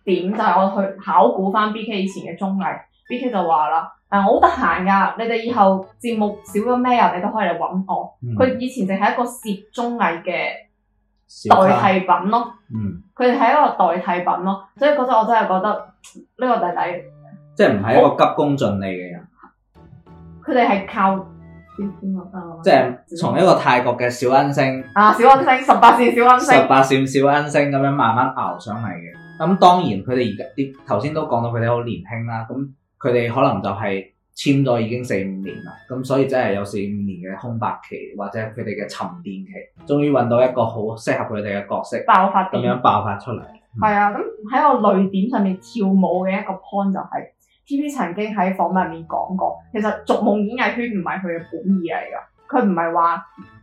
點，就係、是、我去考古翻 B K 以前嘅綜藝，B K 就話啦。啊！我好得閒噶，你哋以後節目少咗咩啊？你都可以嚟揾我。佢、嗯、以前淨係一個涉綜藝嘅代替品咯。嗯，佢哋係一個代替品咯，所以嗰陣我真係覺得呢個弟弟，即係唔係一個急功近利嘅人。佢哋係靠知知、啊、即係從一個泰國嘅小恩星啊，小恩星十八線小恩星，十八線小恩星咁樣慢慢熬上嚟嘅。咁當然佢哋而家啲頭先都講到佢哋好年輕啦。咁佢哋可能就係簽咗已經四五年啦，咁所以真係有四五年嘅空白期或者佢哋嘅沉澱期，終於揾到一個好適合佢哋嘅角色，爆發點樣爆發出嚟。係、嗯、啊，咁喺個淚點上面跳舞嘅一個 point 就係 PP 曾經喺訪問入面講過，其實逐夢演藝圈唔係佢嘅本意嚟噶，佢唔係話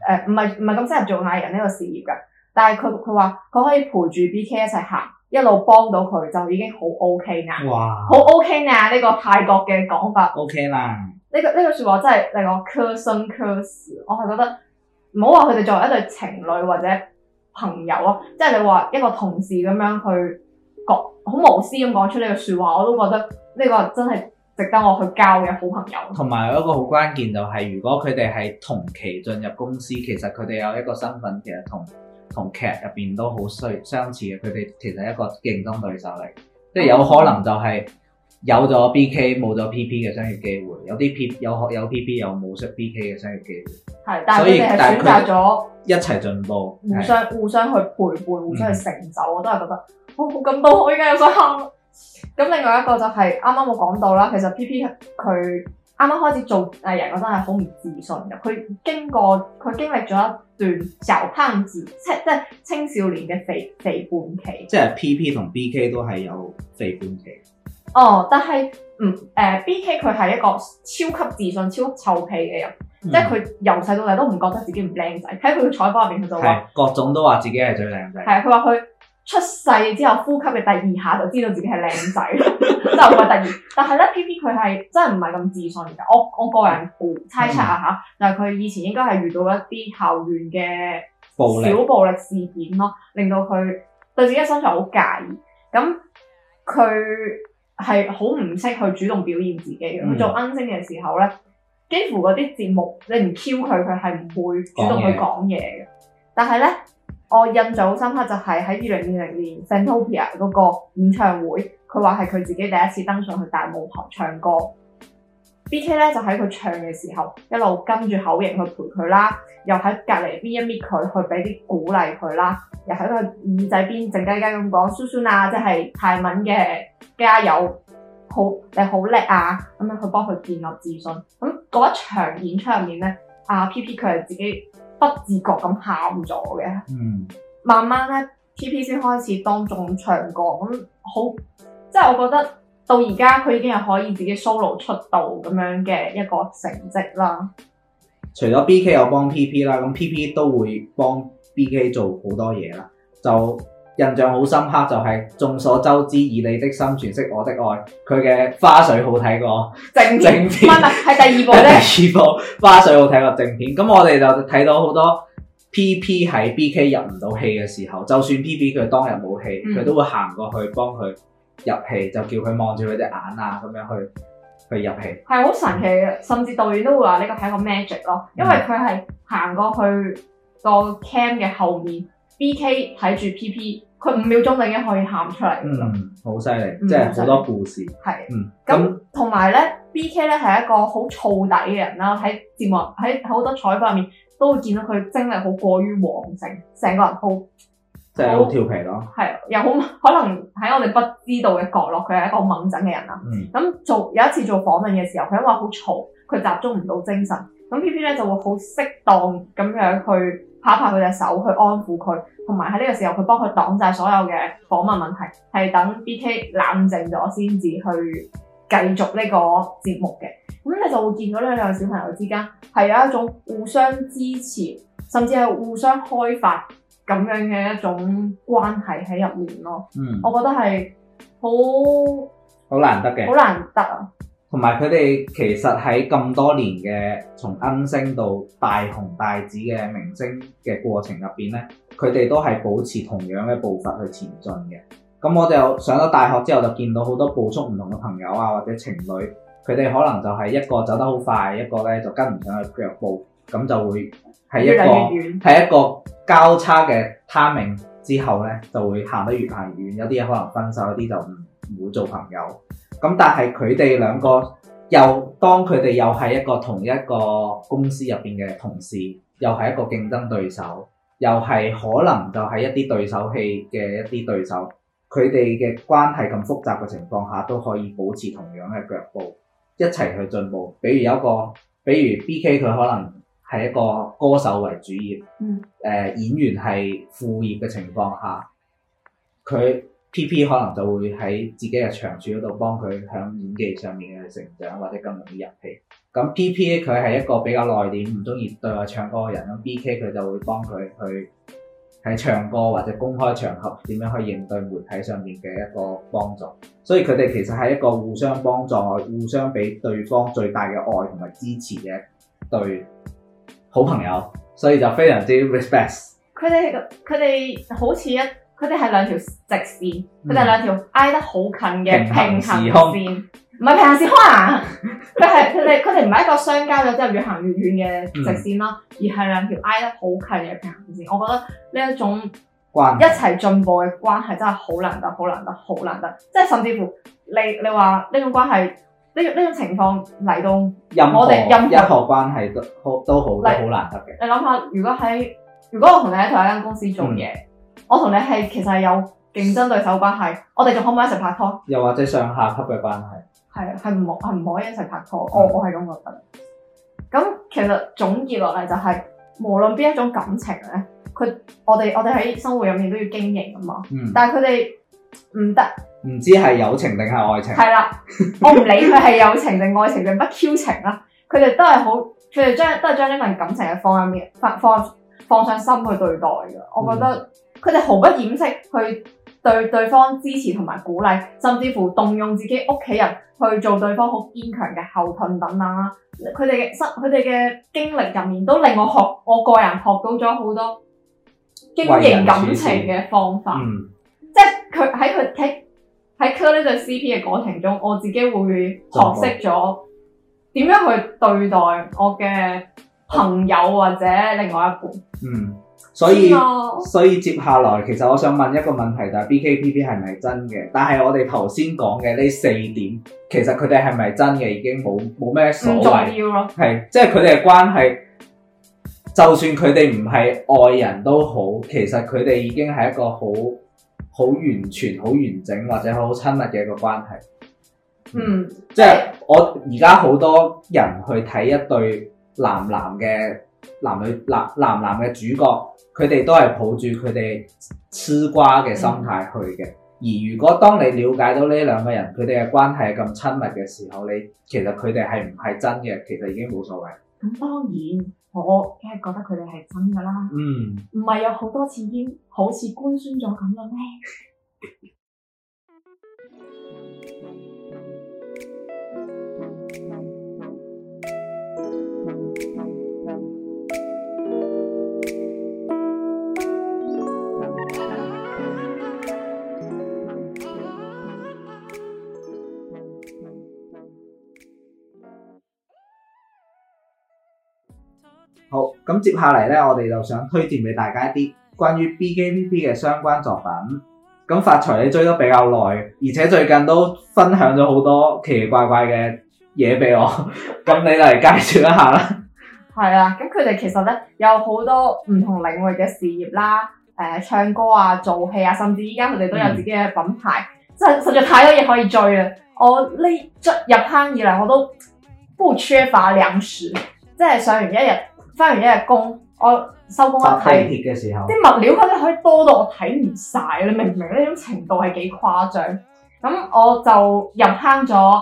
誒唔係唔係咁適合做藝人呢個事業嘅，但係佢佢話佢可以陪住 BK 一齊行。一路幫到佢就已經好 OK 啦，好哇 OK 啦，呢個泰國嘅講法，OK 啦了，呢個呢個說話真係令我 cursed、um、curse、um，我係覺得唔好話佢哋作為一對情侶或者朋友啊，即係你話一個同事咁樣去講，好無私咁講出呢個說話，我都覺得呢個真係值得我去交嘅好朋友。同埋有一個好關鍵就係、是，如果佢哋係同期進入公司，其實佢哋有一個身份其實同。同劇入邊都好相相似嘅，佢哋其實係一個競爭對手嚟，嗯、即係有可能就係有咗 BK 冇咗 PP 嘅商業機會，有啲 P 有有 PP 有冇咗 BK 嘅商業機會，係，但所以但係選擇咗一齊進步，互相是互相去陪伴，互相去成就，嗯、我都係覺得，哦咁多，我依家有想喊。咁另外一個就係啱啱我講到啦，其實 PP 佢啱啱開始做藝人，我真係好唔自信嘅，佢經過佢經歷咗一。段小胖子，即係青少年嘅肥肥胖期，即係 P P 同 B K 都係有肥胖期。哦，但係唔誒 B K 佢係一個超級自信、超級臭屁嘅人，嗯、即係佢由細到大都唔覺得自己唔靚仔。喺佢嘅採訪入面，佢就話各種都話自己係最靚仔。係，佢話佢出世之後呼吸嘅第二下就知道自己係靚仔， 真係好得意。但係咧，P P 佢係真係唔係咁自信嘅。我我個人估猜測啊嚇，但係佢以前應該係遇到一啲校園嘅小暴力事件咯，令到佢對自己嘅身材好介意。咁佢係好唔識去主動表現自己嘅。佢、嗯、做 N 星嘅時候咧，幾乎嗰啲節目你唔 Q 佢，佢係唔會主動去講嘢嘅。但係咧。我、哦、印象好深刻，就係喺二零二零年 Saintopia 嗰個演唱會，佢話係佢自己第一次登上去大舞台唱歌。B K 咧就喺佢唱嘅時候，一路跟住口型去陪佢啦，又喺隔離邊一搣佢去俾啲鼓勵佢啦，又喺佢耳仔邊靜雞雞咁講 Su Su 啊，即、就、係、是、泰文嘅加油，好你好叻啊，咁樣去幫佢建立自信。咁嗰一場演出入面咧，阿、啊、P P 佢係自己。不自覺咁喊咗嘅，嗯、慢慢咧 P P 先開始當眾唱歌，咁好，即係我覺得到而家佢已經係可以自己 solo 出道咁樣嘅一個成績啦。除咗 B K 有幫 P P 啦，咁 P P 都會幫 B K 做好多嘢啦，就。印象好深刻就係、是，眾所周知以你的心詮釋我的愛，佢嘅花絮好睇過正片，唔係唔係係第二部第二部花絮好睇過正片。咁我哋就睇到好多 P P 喺 B K 入唔到戲嘅時候，就算 P P 佢當日冇戲，佢、嗯、都會行過去幫佢入戲，就叫佢望住佢隻眼啊，咁樣去去入戲。係好神奇嘅，甚至導演都會話呢個係一個 magic 咯，因為佢係行過去個 cam 嘅後面，B K 睇住 P P。佢五秒鐘已經可以喊出嚟，嗯，好犀利，嗯、即係好多故事，係、嗯，咁同埋咧，B K 咧係一個好燥底嘅人啦，喺節目喺好多採訪入面都會見到佢精力好過於旺盛，成個人好即係好調皮咯，係又好可能喺我哋不知道嘅角落，佢係一個猛掹嘅人啦。咁、嗯、做有一次做訪問嘅時候，佢因為好嘈，佢集中唔到精神，咁 P P 咧就會好適當咁樣去。拍拍佢隻手去安撫佢，同埋喺呢個時候佢幫佢擋晒所有嘅訪問問題，係等 BK 冷靜咗先至去繼續呢個節目嘅。咁你就會見到呢兩個小朋友之間係有一種互相支持，甚至係互相開發咁樣嘅一種關係喺入面咯。嗯，我覺得係好好難得嘅，好難得啊！同埋佢哋其實喺咁多年嘅從恩星到大紅大紫嘅明星嘅過程入邊咧，佢哋都係保持同樣嘅步伐去前進嘅。咁我就上咗大學之後就見到好多步速唔同嘅朋友啊，或者情侶，佢哋可能就係一個走得好快，一個咧就跟唔上嘅腳步，咁就會係一個係一個交叉嘅 timing 之後咧，就會行得越行越遠。有啲嘢可能分手，有啲就唔唔會做朋友。咁但係佢哋兩個又當佢哋又係一個同一個公司入邊嘅同事，又係一個競爭對手，又係可能就係一啲對手戲嘅一啲對手，佢哋嘅關係咁複雜嘅情況下，都可以保持同樣嘅腳步，一齊去進步。比如有一個，比如 BK 佢可能係一個歌手為主業，嗯、呃，演員係副業嘅情況下，佢。P P 可能就會喺自己嘅長處嗰度幫佢喺演技上面嘅成長，或者更容易入戲。咁 P P 佢係一個比較內斂，唔中意對外唱歌嘅人。咁 B K 佢就會幫佢去喺唱歌或者公開場合點樣去應對媒體上面嘅一個幫助。所以佢哋其實係一個互相幫助、互相俾對方最大嘅愛同埋支持嘅一對好朋友。所以就非常之 respect。佢哋佢哋好似一。佢哋係兩條直線，佢哋係兩條挨得好近嘅平行線，唔係平行時空啊！佢係佢哋佢哋唔係一個相交咗之後越行越遠嘅直線咯，而係兩條挨得好近嘅平行線。我覺得呢一種一齊進步嘅關係真係好難得，好難得，好難得。即係甚至乎你你話呢種關係呢呢種情況嚟到，我哋任何任何關係都好都好都好難得嘅。你諗下，如果喺如果我同你喺同一間公司做嘢。我同你係其實係有競爭對手關係，我哋仲可唔可以一齊拍拖？又或者上下級嘅關係？係啊，係唔係唔可以一齊拍拖？嗯、我我係咁覺得。咁其實總結落嚟就係、是，無論邊一種感情咧，佢我哋我哋喺生活入面都要經營啊嘛。嗯、但係佢哋唔得。唔知係友情定係愛情？係啦、啊，我唔理佢係友情定愛情定 乜 Q 情啦。佢哋都係好，佢哋將都係將呢份感情係放喺面，放放放上心去對待噶。我覺得。嗯佢哋毫不掩飾去對對方支持同埋鼓勵，甚至乎動用自己屋企人去做對方好堅強嘅後盾等等啦。佢哋嘅心，佢哋嘅經歷入面都令我學，我個人學到咗好多經營感情嘅方法。嗯、即係佢喺佢喺喺嗑呢對 CP 嘅過程中，我自己會學識咗點樣去對待我嘅朋友或者另外一半。嗯。所以，所以接下來，其實我想問一個問題，就係、是、B K P P 係咪真嘅？但係我哋頭先講嘅呢四點，其實佢哋係咪真嘅已經冇冇咩所謂？唔重要咯。係，即係佢哋嘅關係，就算佢哋唔係愛人都好，其實佢哋已經係一個好好完全、好完整或者好親密嘅一個關係。嗯，嗯，即係我而家好多人去睇一對男男嘅。男女男，男男男嘅主角，佢哋都係抱住佢哋吃瓜嘅心態去嘅。而如果當你了解到呢兩個人佢哋嘅關係咁親密嘅時候，你其實佢哋係唔係真嘅，其實已經冇所謂。咁當然，我梗係覺得佢哋係真噶啦。嗯，唔係有好多次已經好似官宣咗咁啦咩？咁接下嚟呢，我哋就想推薦俾大家一啲關於 BKPP 嘅相關作品。咁發財，你追得比較耐，而且最近都分享咗好多奇奇怪怪嘅嘢俾我。咁 你嚟介紹一下啦。係啊，咁佢哋其實呢，有好多唔同領域嘅事業啦，誒、呃、唱歌啊、做戲啊，甚至依家佢哋都有自己嘅品牌，嗯、真係實在太多嘢可以追啦。我呢入坑以來，我都不缺乏糧食，即係上完一日，翻完一日工，我收工一睇，啲物料嗰啲可以多到我睇唔晒，你明唔明呢種程度係幾誇張？咁我就入坑咗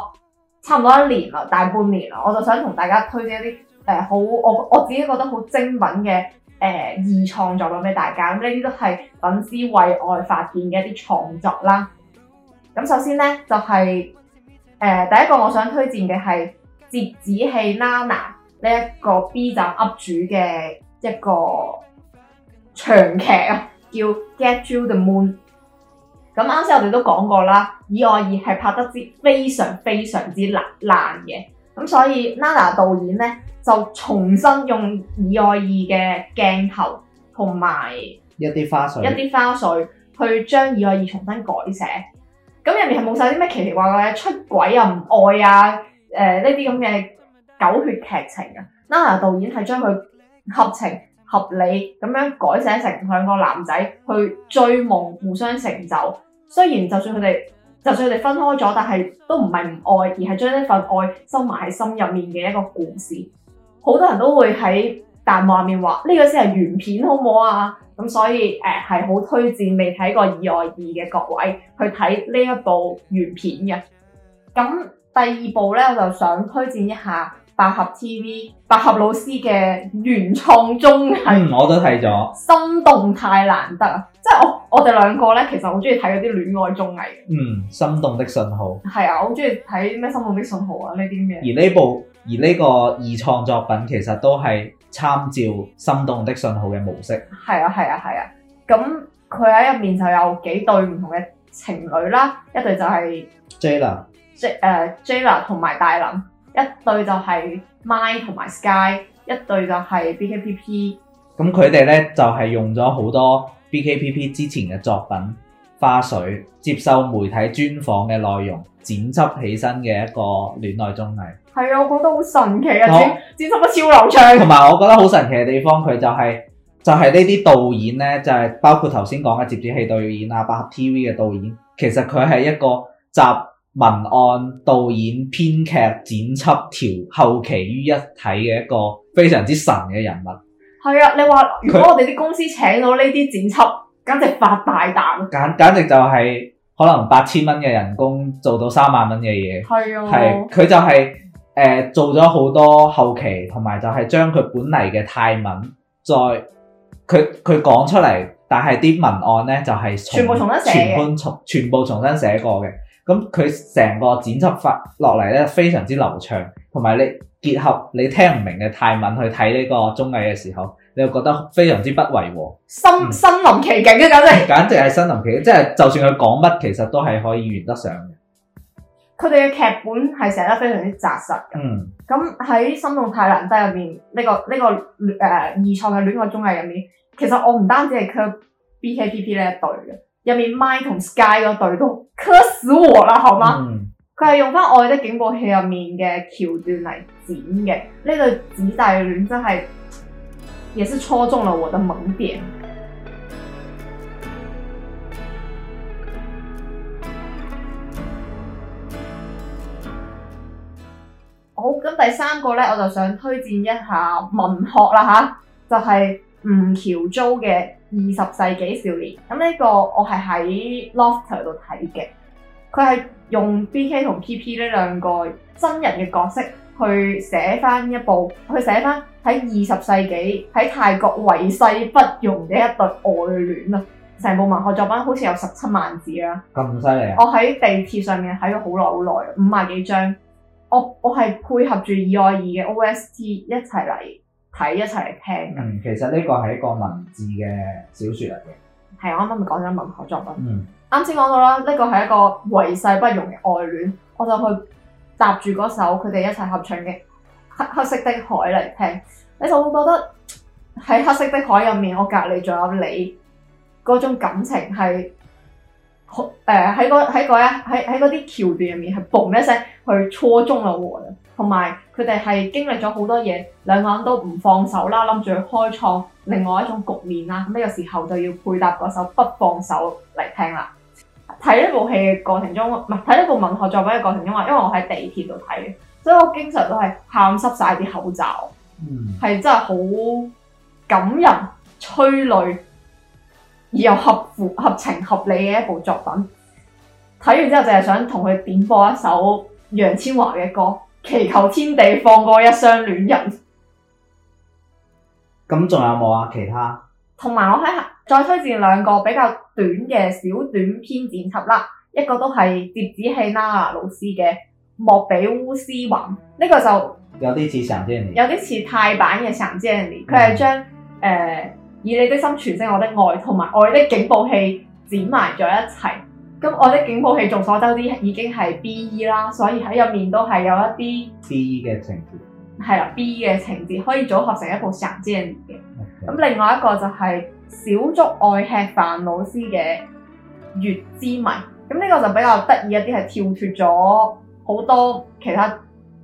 差唔多一年啦，大半年啦，我就想同大家推薦一啲誒、呃、好，我我自己覺得好精品嘅誒二創作咁俾大家。咁呢啲都係粉絲為愛發電嘅一啲創作啦。咁首先咧就係、是、誒、呃、第一個我想推薦嘅係折子戲 Nana 呢一個 B 站 up 主嘅一個長劇、啊、叫《Get You the Moon》。咁啱先，我哋都講過啦，《以愛二》係拍得之非常非常之爛爛嘅。咁所以 Nana 導演咧就重新用《以愛二》嘅鏡頭同埋一啲花絮一啲花絮去將《以愛二》重新改寫。咁入面係冇晒啲咩奇奇怪怪嘅出軌啊、唔愛啊、誒呢啲咁嘅這狗血劇情啊！Nana 導演係將佢合情合理咁樣改寫成兩個男仔去追夢，互相成就。雖然就算佢哋就算佢哋分開咗，但係都唔係唔愛，而係將呢份愛收埋喺心入面嘅一個故事。好多人都會喺彈幕入面話呢個先係原片，好唔好啊？咁所以誒係好推薦未睇過《以愛二》嘅各位去睇呢一部原片嘅。咁第二部咧，我就想推薦一下。百合 TV 百合老師嘅原創綜藝，嗯，我都睇咗。心動泰蘭德啊！即係我我哋兩個咧，其實好中意睇嗰啲戀愛綜藝。嗯，心動的信號。係啊，我好中意睇咩心動的信號啊呢啲咩？而呢部而呢個二創作品其實都係參照《心動的信號》嘅模式。係啊係啊係啊！咁佢喺入面就有幾對唔同嘅情侶啦，一對就係 Jenna，誒 Jenna 同埋大林。一對就係 Mai 同埋 Sky，一對就係 BKPP。咁佢哋咧就係、是、用咗好多 BKPP 之前嘅作品花絮，接受媒體專訪嘅內容剪輯起身嘅一個戀愛綜藝。係啊，我覺得好神奇啊！剪剪輯得超流暢。同埋我覺得好神奇嘅地方，佢就係、是、就係呢啲導演咧，就係、是、包括頭先講嘅折子戲導演啊，百合 TV 嘅導演，其實佢係一個集，文案、導演、編劇、剪輯條、調後期於一體嘅一個非常之神嘅人物。係啊，你話如果我哋啲公司請到呢啲剪輯，簡直發大膽，簡簡直就係可能八千蚊嘅人工做到三萬蚊嘅嘢。係啊，係佢就係、是、誒、呃、做咗好多後期，同埋就係將佢本嚟嘅泰文再佢佢講出嚟，但係啲文案呢，就係、是、重全部重新寫過嘅。咁佢成個剪輯法落嚟咧，非常之流暢，同埋你結合你聽唔明嘅泰文去睇呢個綜藝嘅時候，你會覺得非常之不違和。身身臨其境啊！簡直， 簡直係身臨其境，即、就、係、是、就算佢講乜，其實都係可以完得上嘅。佢哋嘅劇本係寫得非常之紮實嘅。嗯。咁喺《心動泰蘭德》入面，呢、這個呢、這個誒、呃、二創嘅戀愛綜藝入面，其實我唔單止係佢 BKPP 呢一對嘅。入面 Mai 同 sky 個隊都磕死我啦，好嗎？佢係用翻愛的警報器入面嘅橋段嚟剪嘅，呢對子弟戀真係也是戳中了我的萌點。好，咁第三個咧，我就想推薦一下文學啦，吓就係吳喬 Jo 嘅。二十世紀少年，咁呢個我係喺 Lofter 度睇嘅。佢係用 B K 同 P P 呢兩個真人嘅角色去寫翻一部，去寫翻喺二十世紀喺泰國為世不容嘅一對愛戀啊！成部文學作品好似有十七萬字啊！咁犀利。我喺地鐵上面睇咗好耐，好耐五萬幾張。我我係配合住以愛二嘅 O S T 一齊嚟。睇一齊嚟聽，嗯，其實呢個係一個文字嘅小說嚟嘅，係我啱啱咪講咗文學作品，嗯，啱先講到啦，呢個係一個為世不容嘅愛戀，我就去搭住嗰首佢哋一齊合唱嘅黑黑色的海嚟聽，你就會覺得喺黑色的海入面，我隔籬仲有你嗰種感情係，好誒喺嗰喺嗰一喺喺啲橋段入面係嘣一聲去戳中咗我同埋佢哋係經歷咗好多嘢，兩個人都唔放手啦，諗住去開創另外一種局面啦。咁呢個時候就要配搭嗰首《不放手》嚟聽啦。睇呢部戲嘅過程中，唔係睇呢部文學作品嘅過程中啊，因為我喺地鐵度睇，所以我經常都係喊濕晒啲口罩。嗯，係真係好感人、催淚，而又合乎合情合理嘅一部作品。睇完之後就係想同佢點播一首楊千嬅嘅歌。祈求天地放過一雙戀人。咁仲有冇啊？其他同埋我喺下再推薦兩個比較短嘅小短篇剪輯啦，一個都係折子戲 Nana 老師嘅莫比烏斯環，呢、這個就有啲似《想見你》，有啲似泰版嘅、嗯《想見你》呃，佢係將誒以你的心詮釋我的愛同埋愛的警報器剪埋咗一齊。咁我啲警報器眾所周知已經係 B E 啦，所以喺入面都係有一啲 B E 嘅情節，係啦 B E 嘅情節可以組合成一部殺之電影嘅。咁另外一個就係小粥愛吃飯老師嘅《月之謎》，咁呢個就比較得意一啲，係跳脫咗好多其他，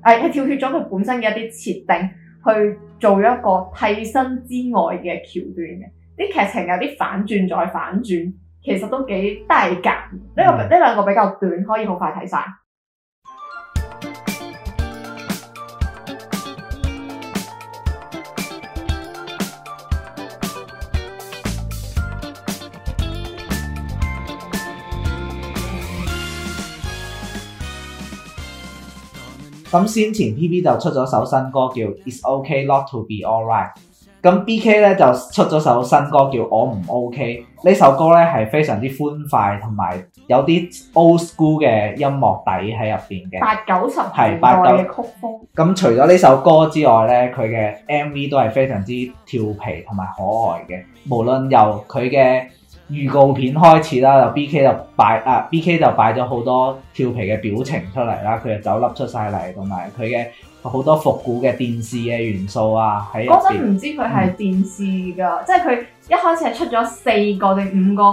係係跳脫咗佢本身嘅一啲設定，去做一個替身之外嘅橋段嘅。啲劇情有啲反轉再反轉。其實都幾大鑑，呢、這個呢兩個比較短，可以好快睇晒。咁、嗯、 先前 PP 就出咗首新歌叫《It's OK Not To Be Alright》。咁 B K 咧就出咗首新歌叫《我唔 O K》，呢首歌咧係非常之歡快，同埋有啲 old school 嘅音樂底喺入邊嘅八九十年代，係八九嘅曲風。咁除咗呢首歌之外咧，佢嘅 M V 都係非常之調皮同埋可愛嘅，無論由佢嘅預告片開始啦，就 B K 就擺啊，B K 就擺咗好多調皮嘅表情出嚟啦，佢就走笠出晒嚟，同埋佢嘅好多復古嘅電視嘅元素啊，喺入邊。嗰陣唔知佢係電視㗎，嗯、即係佢一開始係出咗四個定五個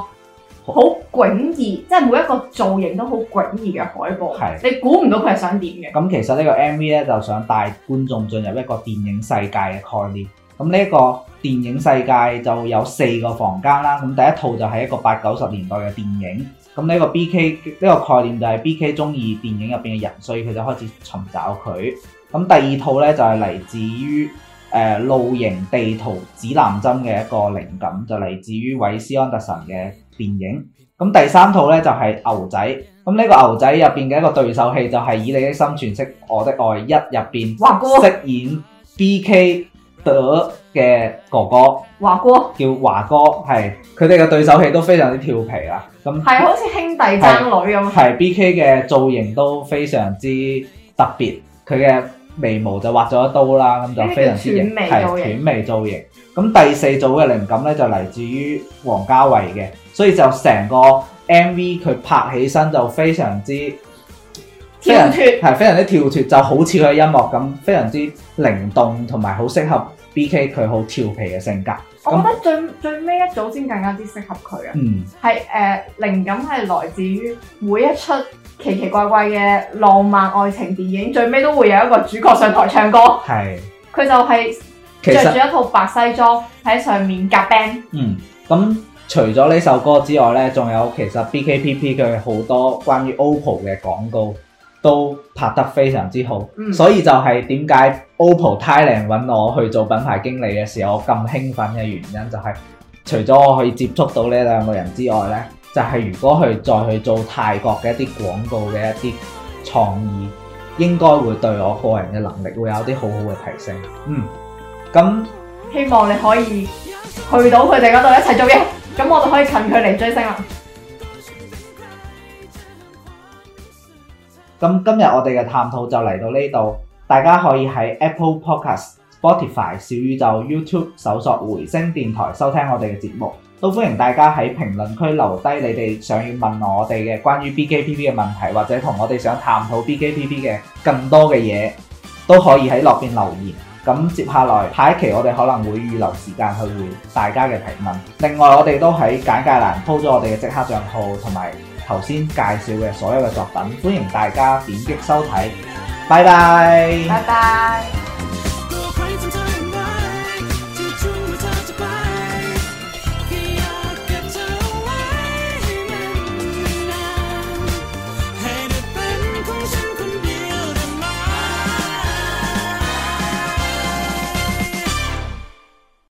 好迥異，好即係每一個造型都好迥異嘅海報。係的。你估唔到佢係想點嘅？咁其實呢個 M V 咧，就想帶觀眾進入一個電影世界嘅概念。咁呢一個電影世界就有四個房間啦。咁第一套就係一個八九十年代嘅電影。咁呢個 B K 呢個概念就係 B K 中意電影入邊嘅人，所以佢就開始尋找佢。咁第二套呢，就係嚟自於誒露營地圖指南針嘅一個靈感，就嚟自於韋斯安德森嘅電影。咁第三套呢，就係牛仔。咁呢個牛仔入邊嘅一個對手戲就係、是、以你的心詮釋我的愛1入邊飾演 B K 德嘅哥哥，華哥叫華哥。係佢哋嘅對手戲都非常之調皮啦。咁係好似兄弟爭女咁。係 B K 嘅造型都非常之特別，佢嘅眉毛就畫咗一刀啦，咁就非常之型，係斷眉造型。咁第四組嘅靈感咧就嚟自於王家衛嘅，所以就成個 M V 佢拍起身就非常之。是跳脱係非常之跳脱，就好似佢嘅音樂咁，非常之靈動，同埋好適合 B K 佢好調皮嘅性格。我覺得最那最尾一組先更加之適合佢啊！嗯，係誒，靈感係來自於每一出奇奇怪怪嘅浪漫愛情電影，最尾都會有一個主角上台唱歌。係是，佢就係着住一套白西裝喺上面夾 band。實班嗯，咁除咗呢首歌之外咧，仲有其實 B K P P 佢好多關於 OPPO 嘅廣告。都拍得非常之好，嗯、所以就係點解 OPPO Thailand 搵我去做品牌經理嘅時候，我咁興奮嘅原因就係，除咗我可以接觸到呢兩個人之外呢就係、是、如果去再去做泰國嘅一啲廣告嘅一啲創意，應該會對我個人嘅能力會有啲好好嘅提升。嗯，咁希望你可以去到佢哋嗰度一齊做嘢，咁我就可以趁佢嚟追星啦。咁今日我哋嘅探討就嚟到呢度，大家可以喺 Apple Podcast、Spotify、小宇宙、YouTube 搜索回聲電台收聽我哋嘅節目。都歡迎大家喺評論區留低你哋想要問我哋嘅關於 BKPP 嘅問題，或者同我哋想探討 BKPP 嘅更多嘅嘢，都可以喺落邊留言。咁接下來下一期我哋可能會預留時間去回大家嘅提問。另外我哋都喺簡介欄鋪咗我哋嘅即刻賬號同埋。頭先介紹嘅所有嘅作品，歡迎大家點擊收睇。拜拜，拜拜。